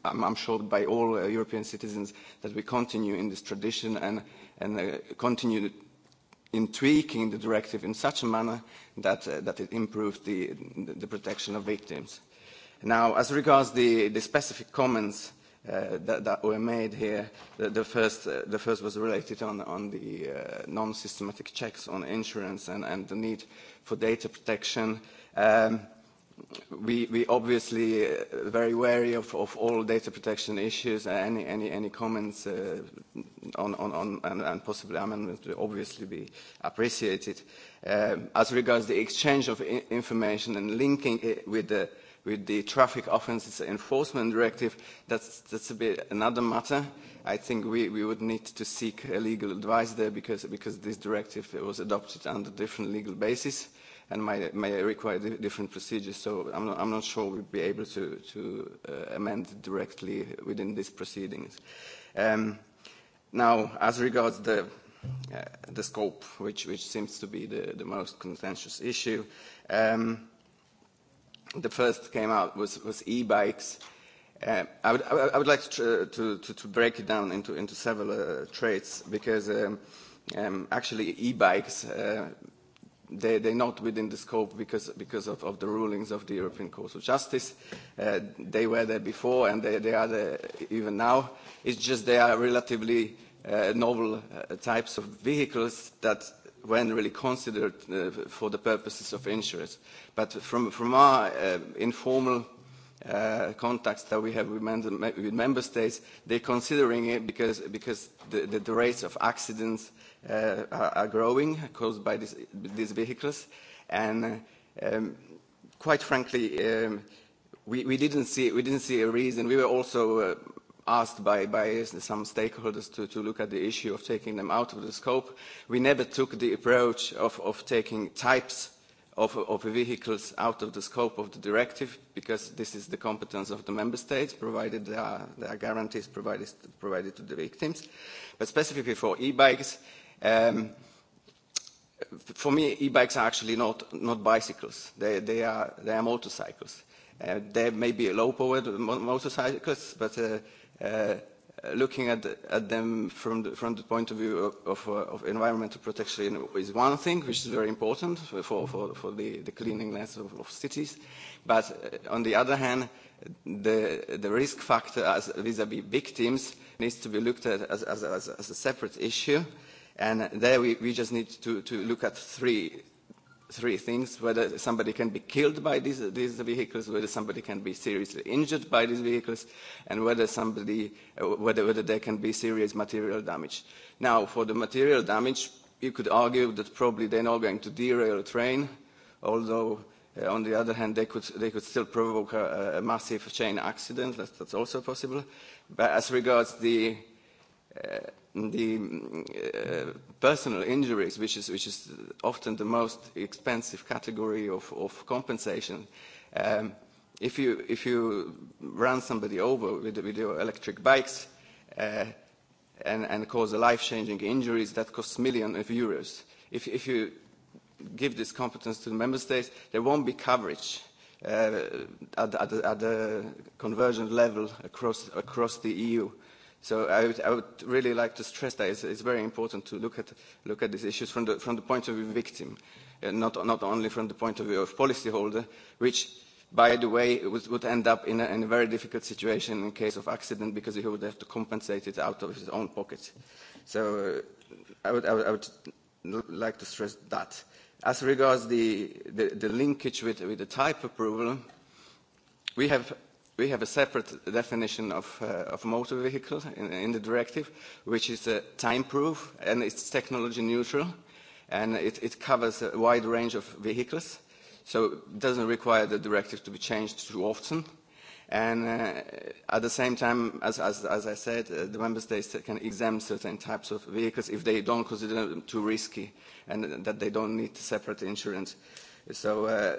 I'm, I'm sure by all uh, European citizens that we continue in this tradition and and uh, continue in tweaking the directive in such a manner that uh, that it improves the the protection of victims. Now, as regards the the specific comments uh, that, that were made here. The, the, first, uh, the first was related on, on the uh, non-systematic checks on insurance and, and the need for data protection. Um, we, we obviously uh, very wary of, of all data protection issues. Uh, any, any, any comments uh, on, on, on and, and possibly amendments will obviously be appreciated. Um, as regards the exchange of information and linking it with the uh, with the traffic offences enforcement directive, that's, that's a bit another matter. I think we, we would need to seek legal advice there because, because this directive was adopted under different legal basis and might, may require different procedures. So I'm not, I'm not sure we'd be able to, to uh, amend directly within these proceedings. Um, now, as regards the uh, the scope, which, which seems to be the, the most contentious issue. Um, the first came out was, was e-bikes. Uh, I, would, I, would, I would like to, to, to, to break it down into, into several uh, traits because um, um, actually e-bikes, uh, they, they're not within the scope because, because of, of the rulings of the European Court of Justice. Uh, they were there before and they, they are there even now. It's just they are relatively uh, novel uh, types of vehicles that when really considered uh, for the purposes of insurance. But from, from our uh, informal uh, contacts that we have with, mem with member states, they're considering it because, because the, the, the rates of accidents uh, are, are growing caused by this, these vehicles. And uh, um, quite frankly, um, we, we, didn't see, we didn't see a reason. We were also uh, asked by, by some stakeholders to, to look at the issue of taking them out of the scope, we never took the approach of, of taking types of, of vehicles out of the scope of the directive because this is the competence of the member states provided there are, there are guarantees provided, provided to the victims. But specifically for e-bikes, um, for me, e-bikes are actually not, not bicycles. They, they, are, they are motorcycles. Uh, there may be low-powered motorcycles, but uh, uh, looking at, at them from the, from the point of view of, of, uh, of environmental protection is one thing, which is very important for, for, for the, the cleanliness of, of cities. But uh, on the other hand, the, the risk factor as vis-à-vis -vis victims needs to be looked at as, as, as, as a separate issue. And there we, we just need to, to look at three three things, whether somebody can be killed by these, these vehicles, whether somebody can be seriously injured by these vehicles, and whether, somebody, uh, whether, whether there can be serious material damage. Now, for the material damage, you could argue that probably they're not going to derail a train, although uh, on the other hand, they could, they could still provoke a, a massive chain accident. That's, that's also possible. But as regards the uh, the mm, uh, personal injuries, which is, which is often the most expensive category of, of compensation, um, if, you, if you run somebody over with, with your electric bikes uh, and, and cause a life-changing injuries, that costs millions of euros. If, if you give this competence to the member states, there won't be coverage uh, at, at, at the conversion level across, across the EU. Uh, So I would, I would really like to stress that it's, it's very important to look at, look at these issues from the, from the point of view of victim, and not, not only from the point of view of policyholder, which, by the way, it would, would end up in a, in a very difficult situation in case of accident because he would have to compensate it out of his own pocket. So uh, I, would, I, would, I would like to stress that. As regards the, the, the linkage with, with the type approval, we have we have a separate definition of, uh, of motor vehicle in, in the directive, which is uh, time-proof and it's technology neutral, and it, it covers a wide range of vehicles, so it doesn't require the directive to be changed too often. And uh, at the same time, as, as, as I said, uh, the member states can exempt certain types of vehicles if they don't consider them too risky and that they don't need separate insurance. So. Uh,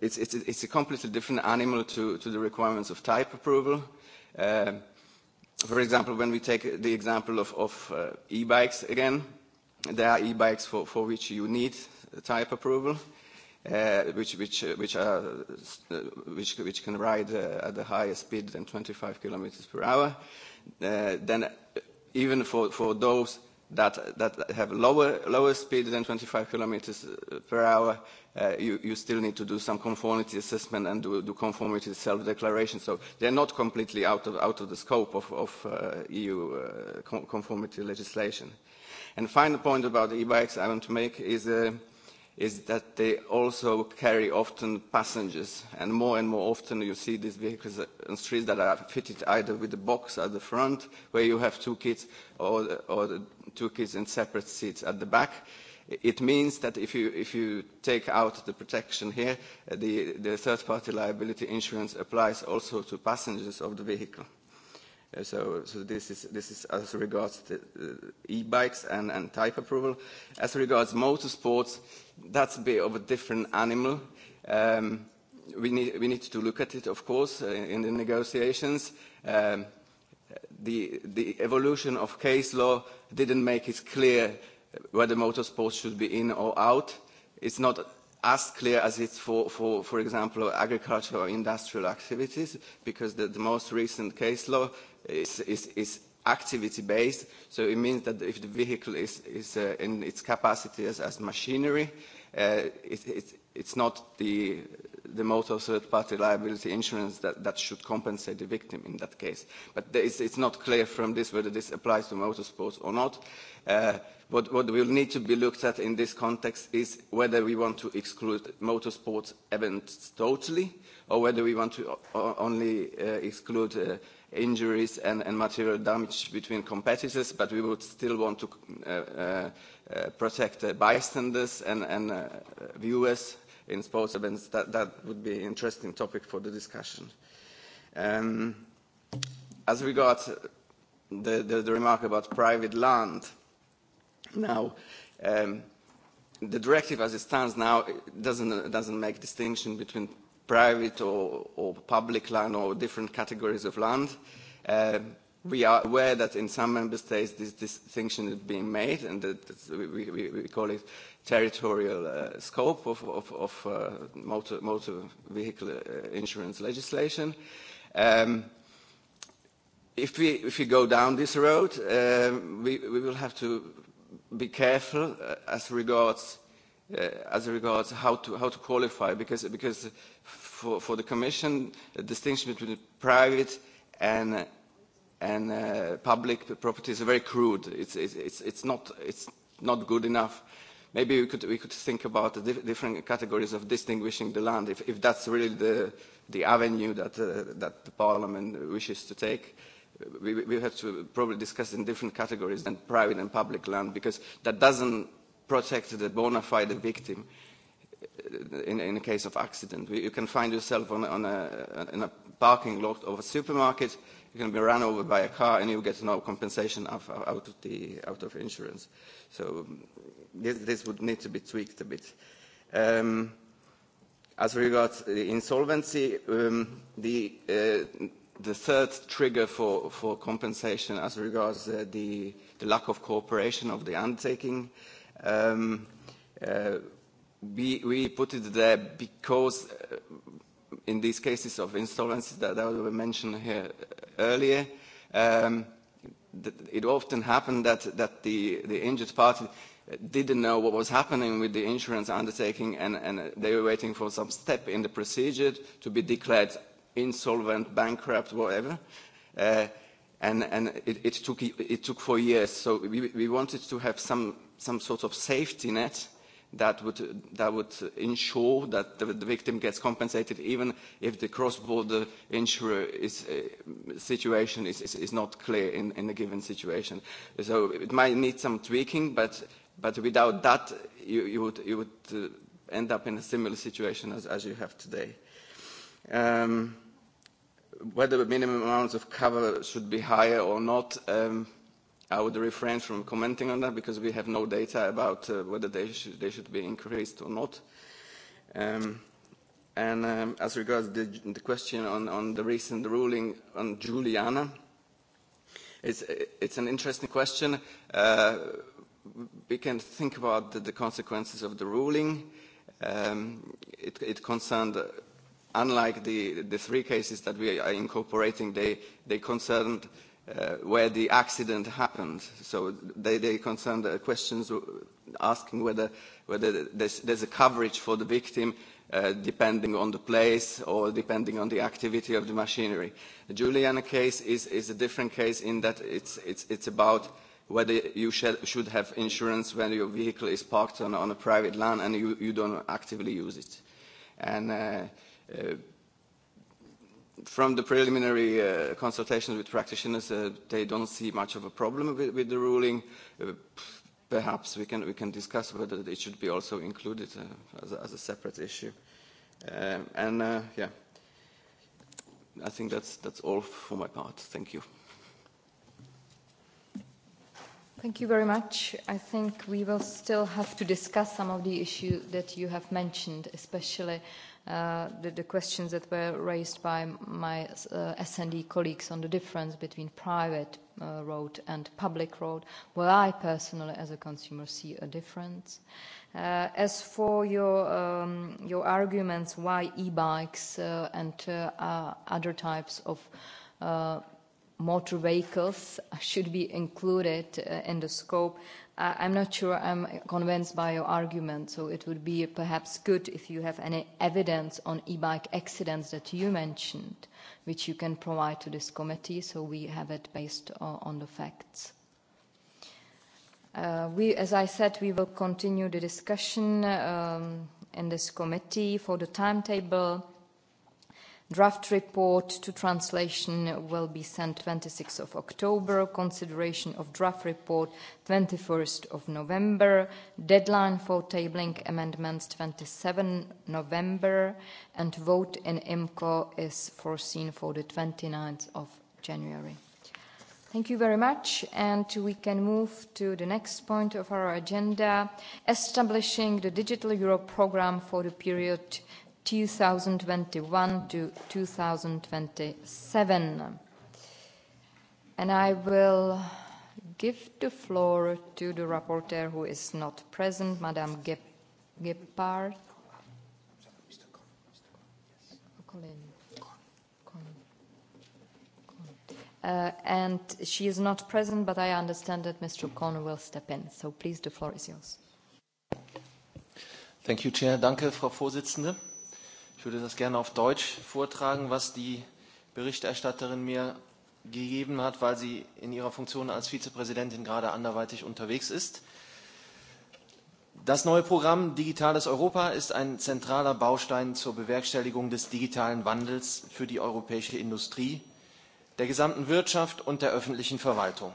it's, it's, it's a completely different animal to, to the requirements of type approval. Uh, for example, when we take the example of, of uh, e-bikes again, there are e-bikes for, for which you need type approval, uh, which, which, uh, which, are, uh, which, which can ride uh, at a higher speed than 25 kilometers per hour. Uh, then even for, for those that, that have lower, lower speed than 25 kilometers uh, per hour, uh, you, you still need to do some conformity assessment and do, do conformity self-declaration. So they're not completely out of, out of the scope of, of uh, EU uh, conformity legislation. And final point about the e-bikes I want to make is uh, is that they also carry often passengers. And more and more often you see these vehicles on streets that are fitted either with a box at the front, where you have two kids, or, or the two kids in separate seats at the back. It means that if you, if you take out the protection here, the, the third-party liability insurance applies also to passengers of the vehicle. Uh, so, so this is this is as regards the, uh, e-bikes and, and type approval. As regards motorsports, that's a bit of a different animal. Um, we, need, we need to look at it, of course, uh, in the negotiations. Um, the, the evolution of case law didn't make it clear whether motorsports should be in or out. It's not as clear as it's for, for, for example, agricultural or industrial activities, because the, the most recent case law is, is, is activity based so it means that if the vehicle is, is uh, in its capacity as, as machinery uh, it, it, it's not the the motor third party liability insurance that, that should compensate the victim in that case but it's, it's not clear from this whether this applies to motorsports or not uh, what, what will need to be looked at in this context is whether we want to exclude motorsports events totally or whether we want to only uh, exclude uh, injuries and, and material damage between competitors, but we would still want to uh, uh, uh, protect uh, bystanders and, and uh, viewers in sports events. That, that would be an interesting topic for the discussion. Um, as regards the, the, the remark about private land, now, um, the directive as it stands now it doesn't, doesn't make distinction between private or, or public land or different categories of land. Uh, we are aware that in some member states this distinction is being made and that, that we, we, we call it territorial uh, scope of, of, of uh, motor, motor vehicle uh, insurance legislation. Um, if, we, if we go down this road, um, uh, we, we will have to be careful uh, as regards uh, uh, as regards how to, how to qualify, because, because for, for the Commission, the distinction between private and, and uh, public property is very crude. It's, it's, it's, not, it's not good enough. Maybe we could, we could think about the dif different categories of distinguishing the land, if, if that's really the, the avenue that, uh, that the Parliament wishes to take. Uh, we, we have to probably discuss in different categories than private and public land because that doesn't protected a bona fide victim uh, in, in a case of accident. You can find yourself on, on a, uh, in a parking lot of a supermarket, you can be run over by a car and you get no compensation of, out, of the, out of insurance. So um, this, this would need to be tweaked a bit. Um, as regards the insolvency, um, the, uh, the third trigger for, for compensation as regards uh, the, the lack of cooperation of the undertaking uh, Um, uh, we, we put it there because uh, in these cases of insolvencies that, that were mentioned here earlier, um, th it often happened that, that the, the injured party didn't know what was happening with the insurance undertaking and, and they were waiting for some step in the procedure to be declared insolvent, bankrupt, whatever. Uh, and and it, it, took, it took four years. So we, we wanted to have some some sort of safety net that would that would ensure that the, the victim gets compensated even if the cross-border insurer is uh, situation is, is, is not clear in, in a given situation so it might need some tweaking but but without that you, you would you would uh, end up in a similar situation as, as you have today um, whether the minimum amounts of cover should be higher or not um, I would refrain from commenting on that because we have no data about uh, whether they should, they should be increased or not. Um, and um, as regards the, the question on, on the recent ruling on Juliana, it's, it's an interesting question. Uh, we can think about the, the consequences of the ruling. Um, it, it concerned, uh, unlike the, the three cases that we are incorporating, they, they concerned uh, uh, where the accident happened. So they, they concerned uh, questions asking whether, whether there's, there's a coverage for the victim uh, depending on the place or depending on the activity of the machinery. The Juliana case is, is a different case in that it's, it's, it's about whether you shall, should have insurance when your vehicle is parked on, on a private land and you, you don't actively use it. And uh, uh, from the preliminary uh, consultations with practitioners, uh, they don't see much of a problem with, with the ruling. Uh, perhaps we can, we can discuss whether it should be also included uh, as, a, as a separate issue. Um, and uh, yeah, I think that's, that's all for my part. Thank you. Thank you very much. I think we will still have to discuss some of the issues that you have mentioned, especially uh, uh, the, the questions that were raised by my uh, S&D colleagues on the difference between private uh, road and public road, where I personally, as a consumer, see a difference. Uh, as for your, um, your arguments why e-bikes uh, and uh, uh, other types of uh, motor vehicles should be included uh, in the scope, uh, I'm not sure I'm convinced by your argument, so it would be perhaps good if you have any evidence on e-bike accidents that you mentioned, which you can provide to this committee, so we have it based on, on the facts. Uh, we, as I said, we will continue the discussion um, in this committee for the timetable Draft report to translation will be sent 26th of October, consideration of draft report 21st of November, deadline for tabling amendments 27 November, and vote in IMCO is foreseen for the 29th of January. Thank you very much, and we can move to the next point of our agenda, establishing the Digital Europe programme for the period 2021 to 2027. And I will give the floor to the rapporteur who is not present, Madame Gep Gepard. Uh, and she is not present, but I understand that Mr. Cohn will step in. So please, the floor is yours. Thank you, Chair. Danke, Frau Vorsitzende. Ich würde das gerne auf Deutsch vortragen, was die Berichterstatterin mir gegeben hat, weil sie in ihrer Funktion als Vizepräsidentin gerade anderweitig unterwegs ist. Das neue Programm Digitales Europa ist ein zentraler Baustein zur Bewerkstelligung des digitalen Wandels für die europäische Industrie, der gesamten Wirtschaft und der öffentlichen Verwaltung.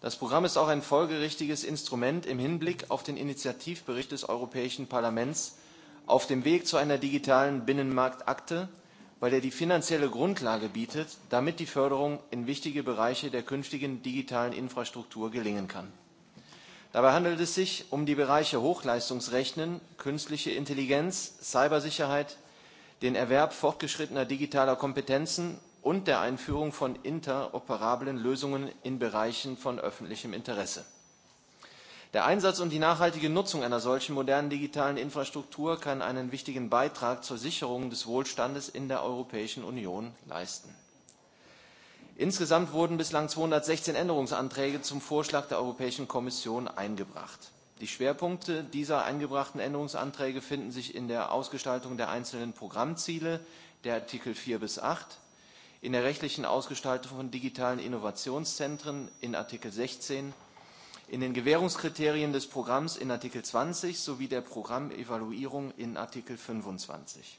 Das Programm ist auch ein folgerichtiges Instrument im Hinblick auf den Initiativbericht des Europäischen Parlaments auf dem Weg zu einer digitalen Binnenmarktakte, weil er die finanzielle Grundlage bietet, damit die Förderung in wichtige Bereiche der künftigen digitalen Infrastruktur gelingen kann. Dabei handelt es sich um die Bereiche Hochleistungsrechnen, künstliche Intelligenz, Cybersicherheit, den Erwerb fortgeschrittener digitaler Kompetenzen und der Einführung von interoperablen Lösungen in Bereichen von öffentlichem Interesse. Der Einsatz und die nachhaltige Nutzung einer solchen modernen digitalen Infrastruktur kann einen wichtigen Beitrag zur Sicherung des Wohlstandes in der Europäischen Union leisten. Insgesamt wurden bislang 216 Änderungsanträge zum Vorschlag der Europäischen Kommission eingebracht. Die Schwerpunkte dieser eingebrachten Änderungsanträge finden sich in der Ausgestaltung der einzelnen Programmziele der Artikel 4 bis 8, in der rechtlichen Ausgestaltung von digitalen Innovationszentren in Artikel 16 in den Gewährungskriterien des Programms in Artikel 20 sowie der Programmevaluierung in Artikel 25.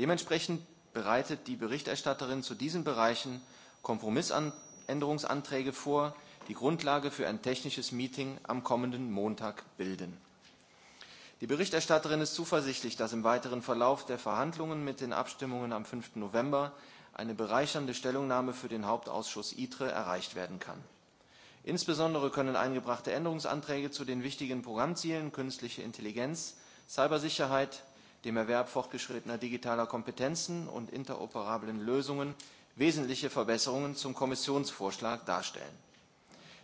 Dementsprechend bereitet die Berichterstatterin zu diesen Bereichen Kompromissänderungsanträge vor, die Grundlage für ein technisches Meeting am kommenden Montag bilden. Die Berichterstatterin ist zuversichtlich, dass im weiteren Verlauf der Verhandlungen mit den Abstimmungen am 5. November eine bereichernde Stellungnahme für den Hauptausschuss ITRE erreicht werden kann. Insbesondere können eingebrachte Änderungsanträge zu den wichtigen Programmzielen künstliche Intelligenz, Cybersicherheit, dem Erwerb fortgeschrittener digitaler Kompetenzen und interoperablen Lösungen wesentliche Verbesserungen zum Kommissionsvorschlag darstellen.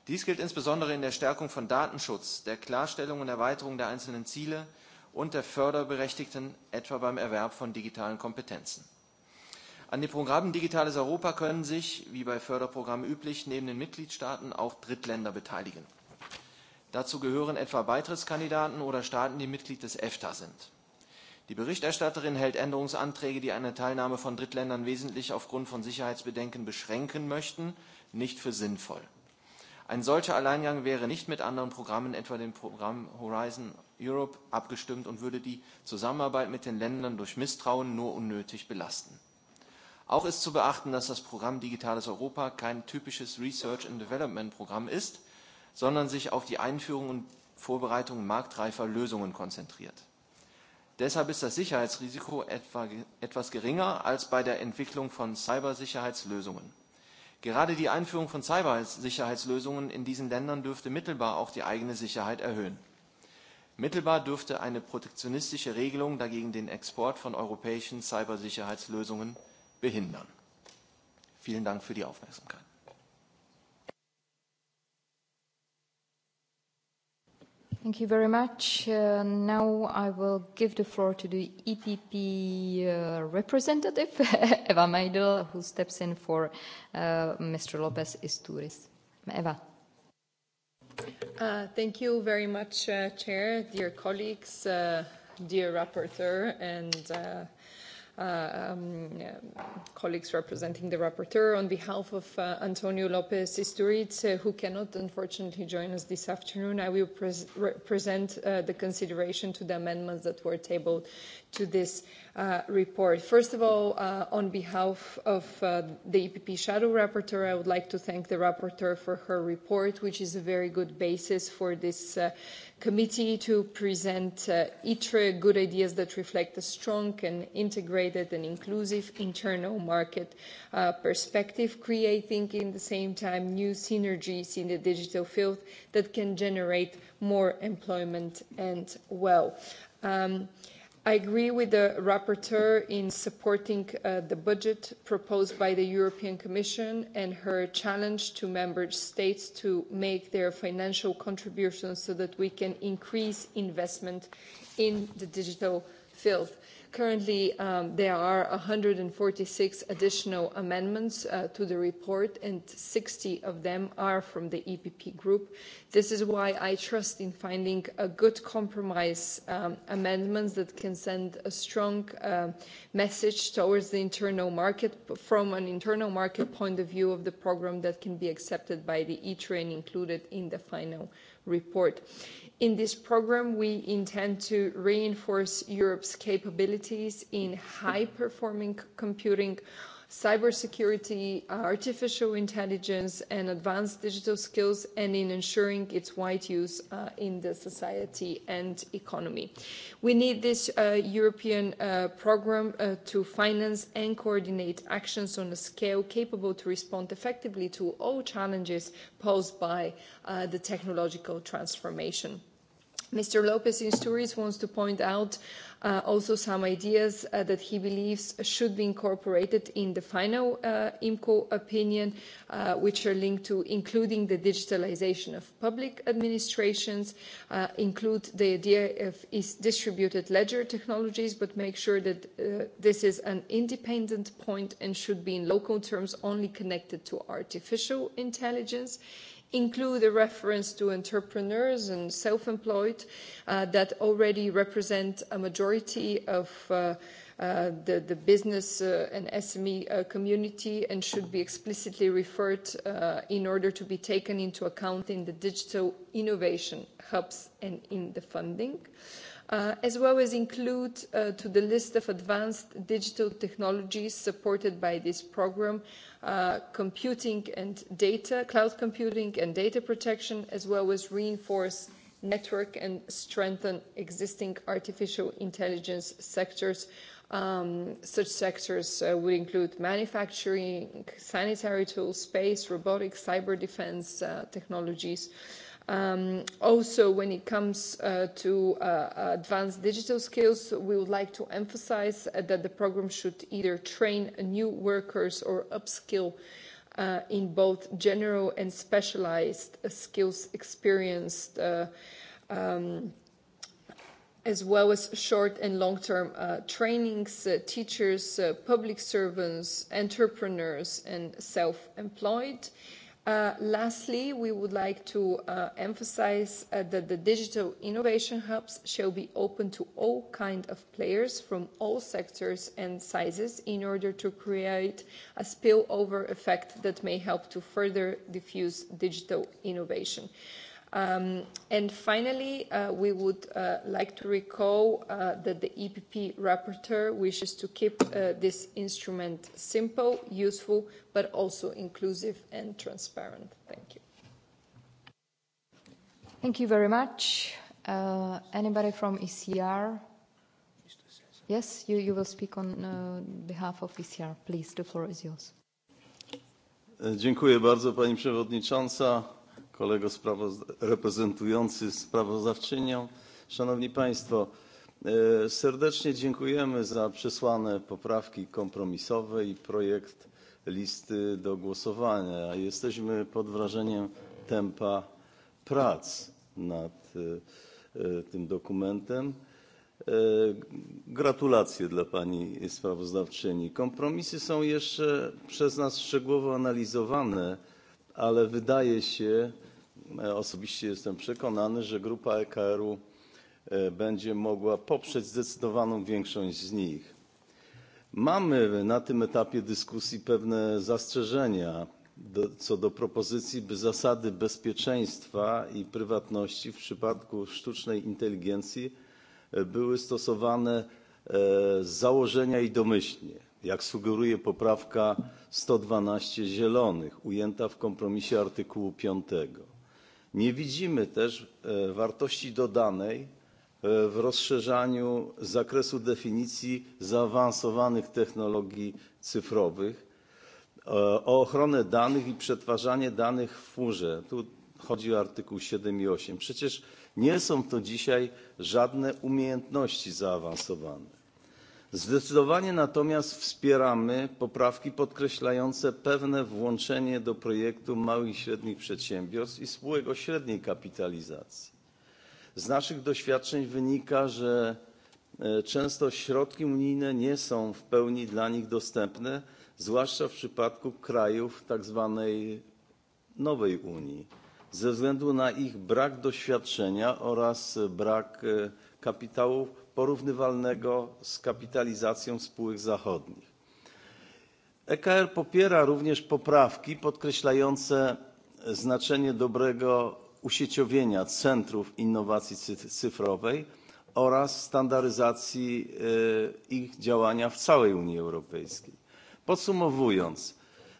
Dies gilt insbesondere in der Stärkung von Datenschutz, der Klarstellung und Erweiterung der einzelnen Ziele und der Förderberechtigten, etwa beim Erwerb von digitalen Kompetenzen. An dem Programm Digitales Europa können sich, wie bei Förderprogrammen üblich, neben den Mitgliedstaaten auch Drittländer beteiligen. Dazu gehören etwa Beitrittskandidaten oder Staaten, die Mitglied des EFTA sind. Die Berichterstatterin hält Änderungsanträge, die eine Teilnahme von Drittländern wesentlich aufgrund von Sicherheitsbedenken beschränken möchten, nicht für sinnvoll. Ein solcher Alleingang wäre nicht mit anderen Programmen, etwa dem Programm Horizon Europe, abgestimmt und würde die Zusammenarbeit mit den Ländern durch Misstrauen nur unnötig belasten. Auch ist zu beachten, dass das Programm Digitales Europa kein typisches Research and Development Programm ist, sondern sich auf die Einführung und Vorbereitung marktreifer Lösungen konzentriert. Deshalb ist das Sicherheitsrisiko etwa, etwas geringer als bei der Entwicklung von Cybersicherheitslösungen. Gerade die Einführung von Cybersicherheitslösungen in diesen Ländern dürfte mittelbar auch die eigene Sicherheit erhöhen. Mittelbar dürfte eine protektionistische Regelung dagegen den Export von europäischen Cybersicherheitslösungen behindern. Vielen Dank für die Aufmerksamkeit. Thank you very much. Uh, now I will give the floor to the EPP uh, representative, Eva Meidel, who steps in for uh, Mr. Lopez Isturiz. Eva. Uh, thank you very much, uh, Chair, dear colleagues, uh, dear rapporteur, and uh, uh, um, colleagues representing the rapporteur on behalf of uh, Antonio Lopez Isturiz, uh, who cannot unfortunately join us this afternoon. I will pres- re- present uh, the consideration to the amendments that were tabled to this uh, uh, report. First of all, uh, on behalf of uh, the EPP Shadow Rapporteur, I would like to thank the Rapporteur for her report, which is a very good basis for this uh, committee to present uh, ITRE good ideas that reflect a strong and integrated and inclusive internal market uh, perspective, creating in the same time new synergies in the digital field that can generate more employment and well. Um, uh, I agree with the rapporteur in supporting uh, the budget proposed by the European Commission and her challenge to member states to make their financial contributions so that we can increase investment in the digital field. Uh, Currently, um, there are 146 additional amendments uh, to the report, and 60 of them are from the EPP group. This is why I trust in finding a good compromise um, amendments that can send a strong uh, message towards the internal market from an internal market point of view of the program that can be accepted by the ETRE and included in the final report. In this program, we intend to reinforce Europe's capabilities in high-performing computing, cybersecurity, artificial intelligence, and advanced digital skills, and in ensuring its wide use uh, in the society and economy. We need this uh, European uh, program uh, to finance and coordinate actions on a scale capable to respond effectively to all challenges posed by uh, the technological transformation. Mr. Lopez Insturiz wants to point out uh, also some ideas uh, that he believes should be incorporated in the final uh, IMCO opinion, uh, which are linked to including the digitalization of public administrations, uh, include the idea of is distributed ledger technologies, but make sure that uh, this is an independent point and should be in local terms only connected to artificial intelligence include a reference to entrepreneurs and self-employed uh, that already represent a majority of uh, uh, the, the business uh, and SME uh, community and should be explicitly referred uh, in order to be taken into account in the digital innovation hubs and in the funding. Uh, uh, as well as include uh, to the list of advanced digital technologies supported by this program uh, computing and data, cloud computing and data protection, as well as reinforce network and strengthen existing artificial intelligence sectors. Um, such sectors uh, would include manufacturing, sanitary tools, space, robotics, cyber defense uh, technologies. Uh, Um, also, when it comes uh, to uh, advanced digital skills, we would like to emphasize uh, that the program should either train new workers or upskill uh, in both general and specialized uh, skills experienced uh, um, as well as short and long-term uh, trainings, uh, teachers, uh, public servants, entrepreneurs, and self-employed. Uh, Uh, lastly, we would like to uh, emphasize uh, that the digital innovation hubs shall be open to all kind of players from all sectors and sizes in order to create a spillover effect that may help to further diffuse digital innovation. Uh, Um, and finally, uh, we would uh, like to recall uh, that the EPP rapporteur wishes to keep uh, this instrument simple, useful, but also inclusive and transparent. Thank you. Thank you very much. Uh, anybody from ECR? Yes, you, you will speak on uh, behalf of ECR. Please, the floor is yours. E, dziękuję bardzo, Pani Przewodnicząca kolego reprezentujący sprawozdawczynią. Szanowni Państwo, e, serdecznie dziękujemy za przesłane poprawki kompromisowe i projekt listy do głosowania. Jesteśmy pod wrażeniem tempa prac nad e, e, tym dokumentem. Gratulacje dla pani sprawozdawczyni. Kompromisy są jeszcze przez nas szczegółowo analizowane, ale wydaje się, E, osobiście jestem przekonany, że grupa EKR-u e, będzie mogła poprzeć zdecydowaną większość z nich. Mamy na tym etapie dyskusji pewne zastrzeżenia do, co do propozycji, by zasady bezpieczeństwa i prywatności w przypadku sztucznej inteligencji e, były stosowane z założenia i domyślnie, jak sugeruje poprawka 112 Zielonych ujęta w kompromisie artykułu 5. Nie widzimy też e, wartości dodanej e, w rozszerzaniu zakresu definicji zaawansowanych technologii cyfrowych e, o ochronę danych i przetwarzanie danych w chmurze. Tu chodzi o artykuł 7 i 8. Przecież nie są to dzisiaj żadne umiejętności zaawansowane. Zdecydowanie natomiast wspieramy poprawki podkreślające pewne włączenie do projektu małych i średnich przedsiębiorstw i spółek o średniej kapitalizacji. Z naszych doświadczeń wynika, że e, często środki unijne nie są w pełni dla nich dostępne, zwłaszcza w przypadku krajów tzw. nowej Unii, ze względu na ich brak doświadczenia oraz brak e, kapitału porównywalnego z kapitalizacją spółek zachodnich. ekr popiera również poprawki podkreślające znaczenie dobrego usieciowienia centrów innowacji cyfrowej oraz standaryzacji e, ich działania w całej unii europejskiej. podsumowując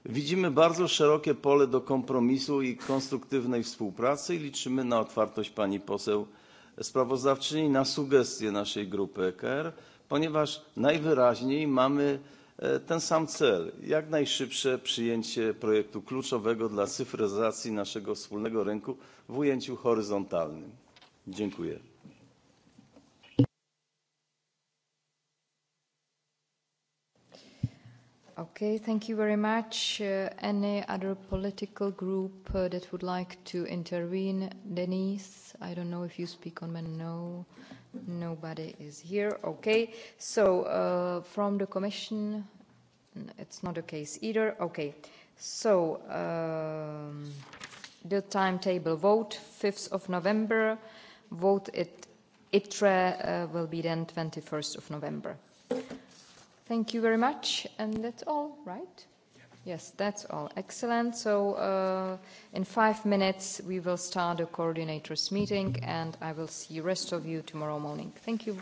widzimy bardzo szerokie pole do kompromisu i konstruktywnej współpracy i liczymy na otwartość pani poseł sprawozdawczyni na sugestie naszej grupy ecr ponieważ najwyraźniej mamy e, ten sam cel jak najszybsze przyjęcie projektu kluczowego dla cyfryzacji naszego wspólnego rynku w ujęciu horyzontalnym. dziękuję. Okay, thank you very much. Uh, any other political group uh, that would like to intervene? Denise, I don't know if you speak on men. No, nobody is here. Okay, so uh, from the Commission, it's not the case either. Okay, so um, the timetable vote, 5th of November. Vote at ITRE uh, will be then 21st of November. Thank you very much. And that's all, right? Yes, that's all. Excellent. So uh, in five minutes, we will start the coordinators meeting, and I will see the rest of you tomorrow morning. Thank you.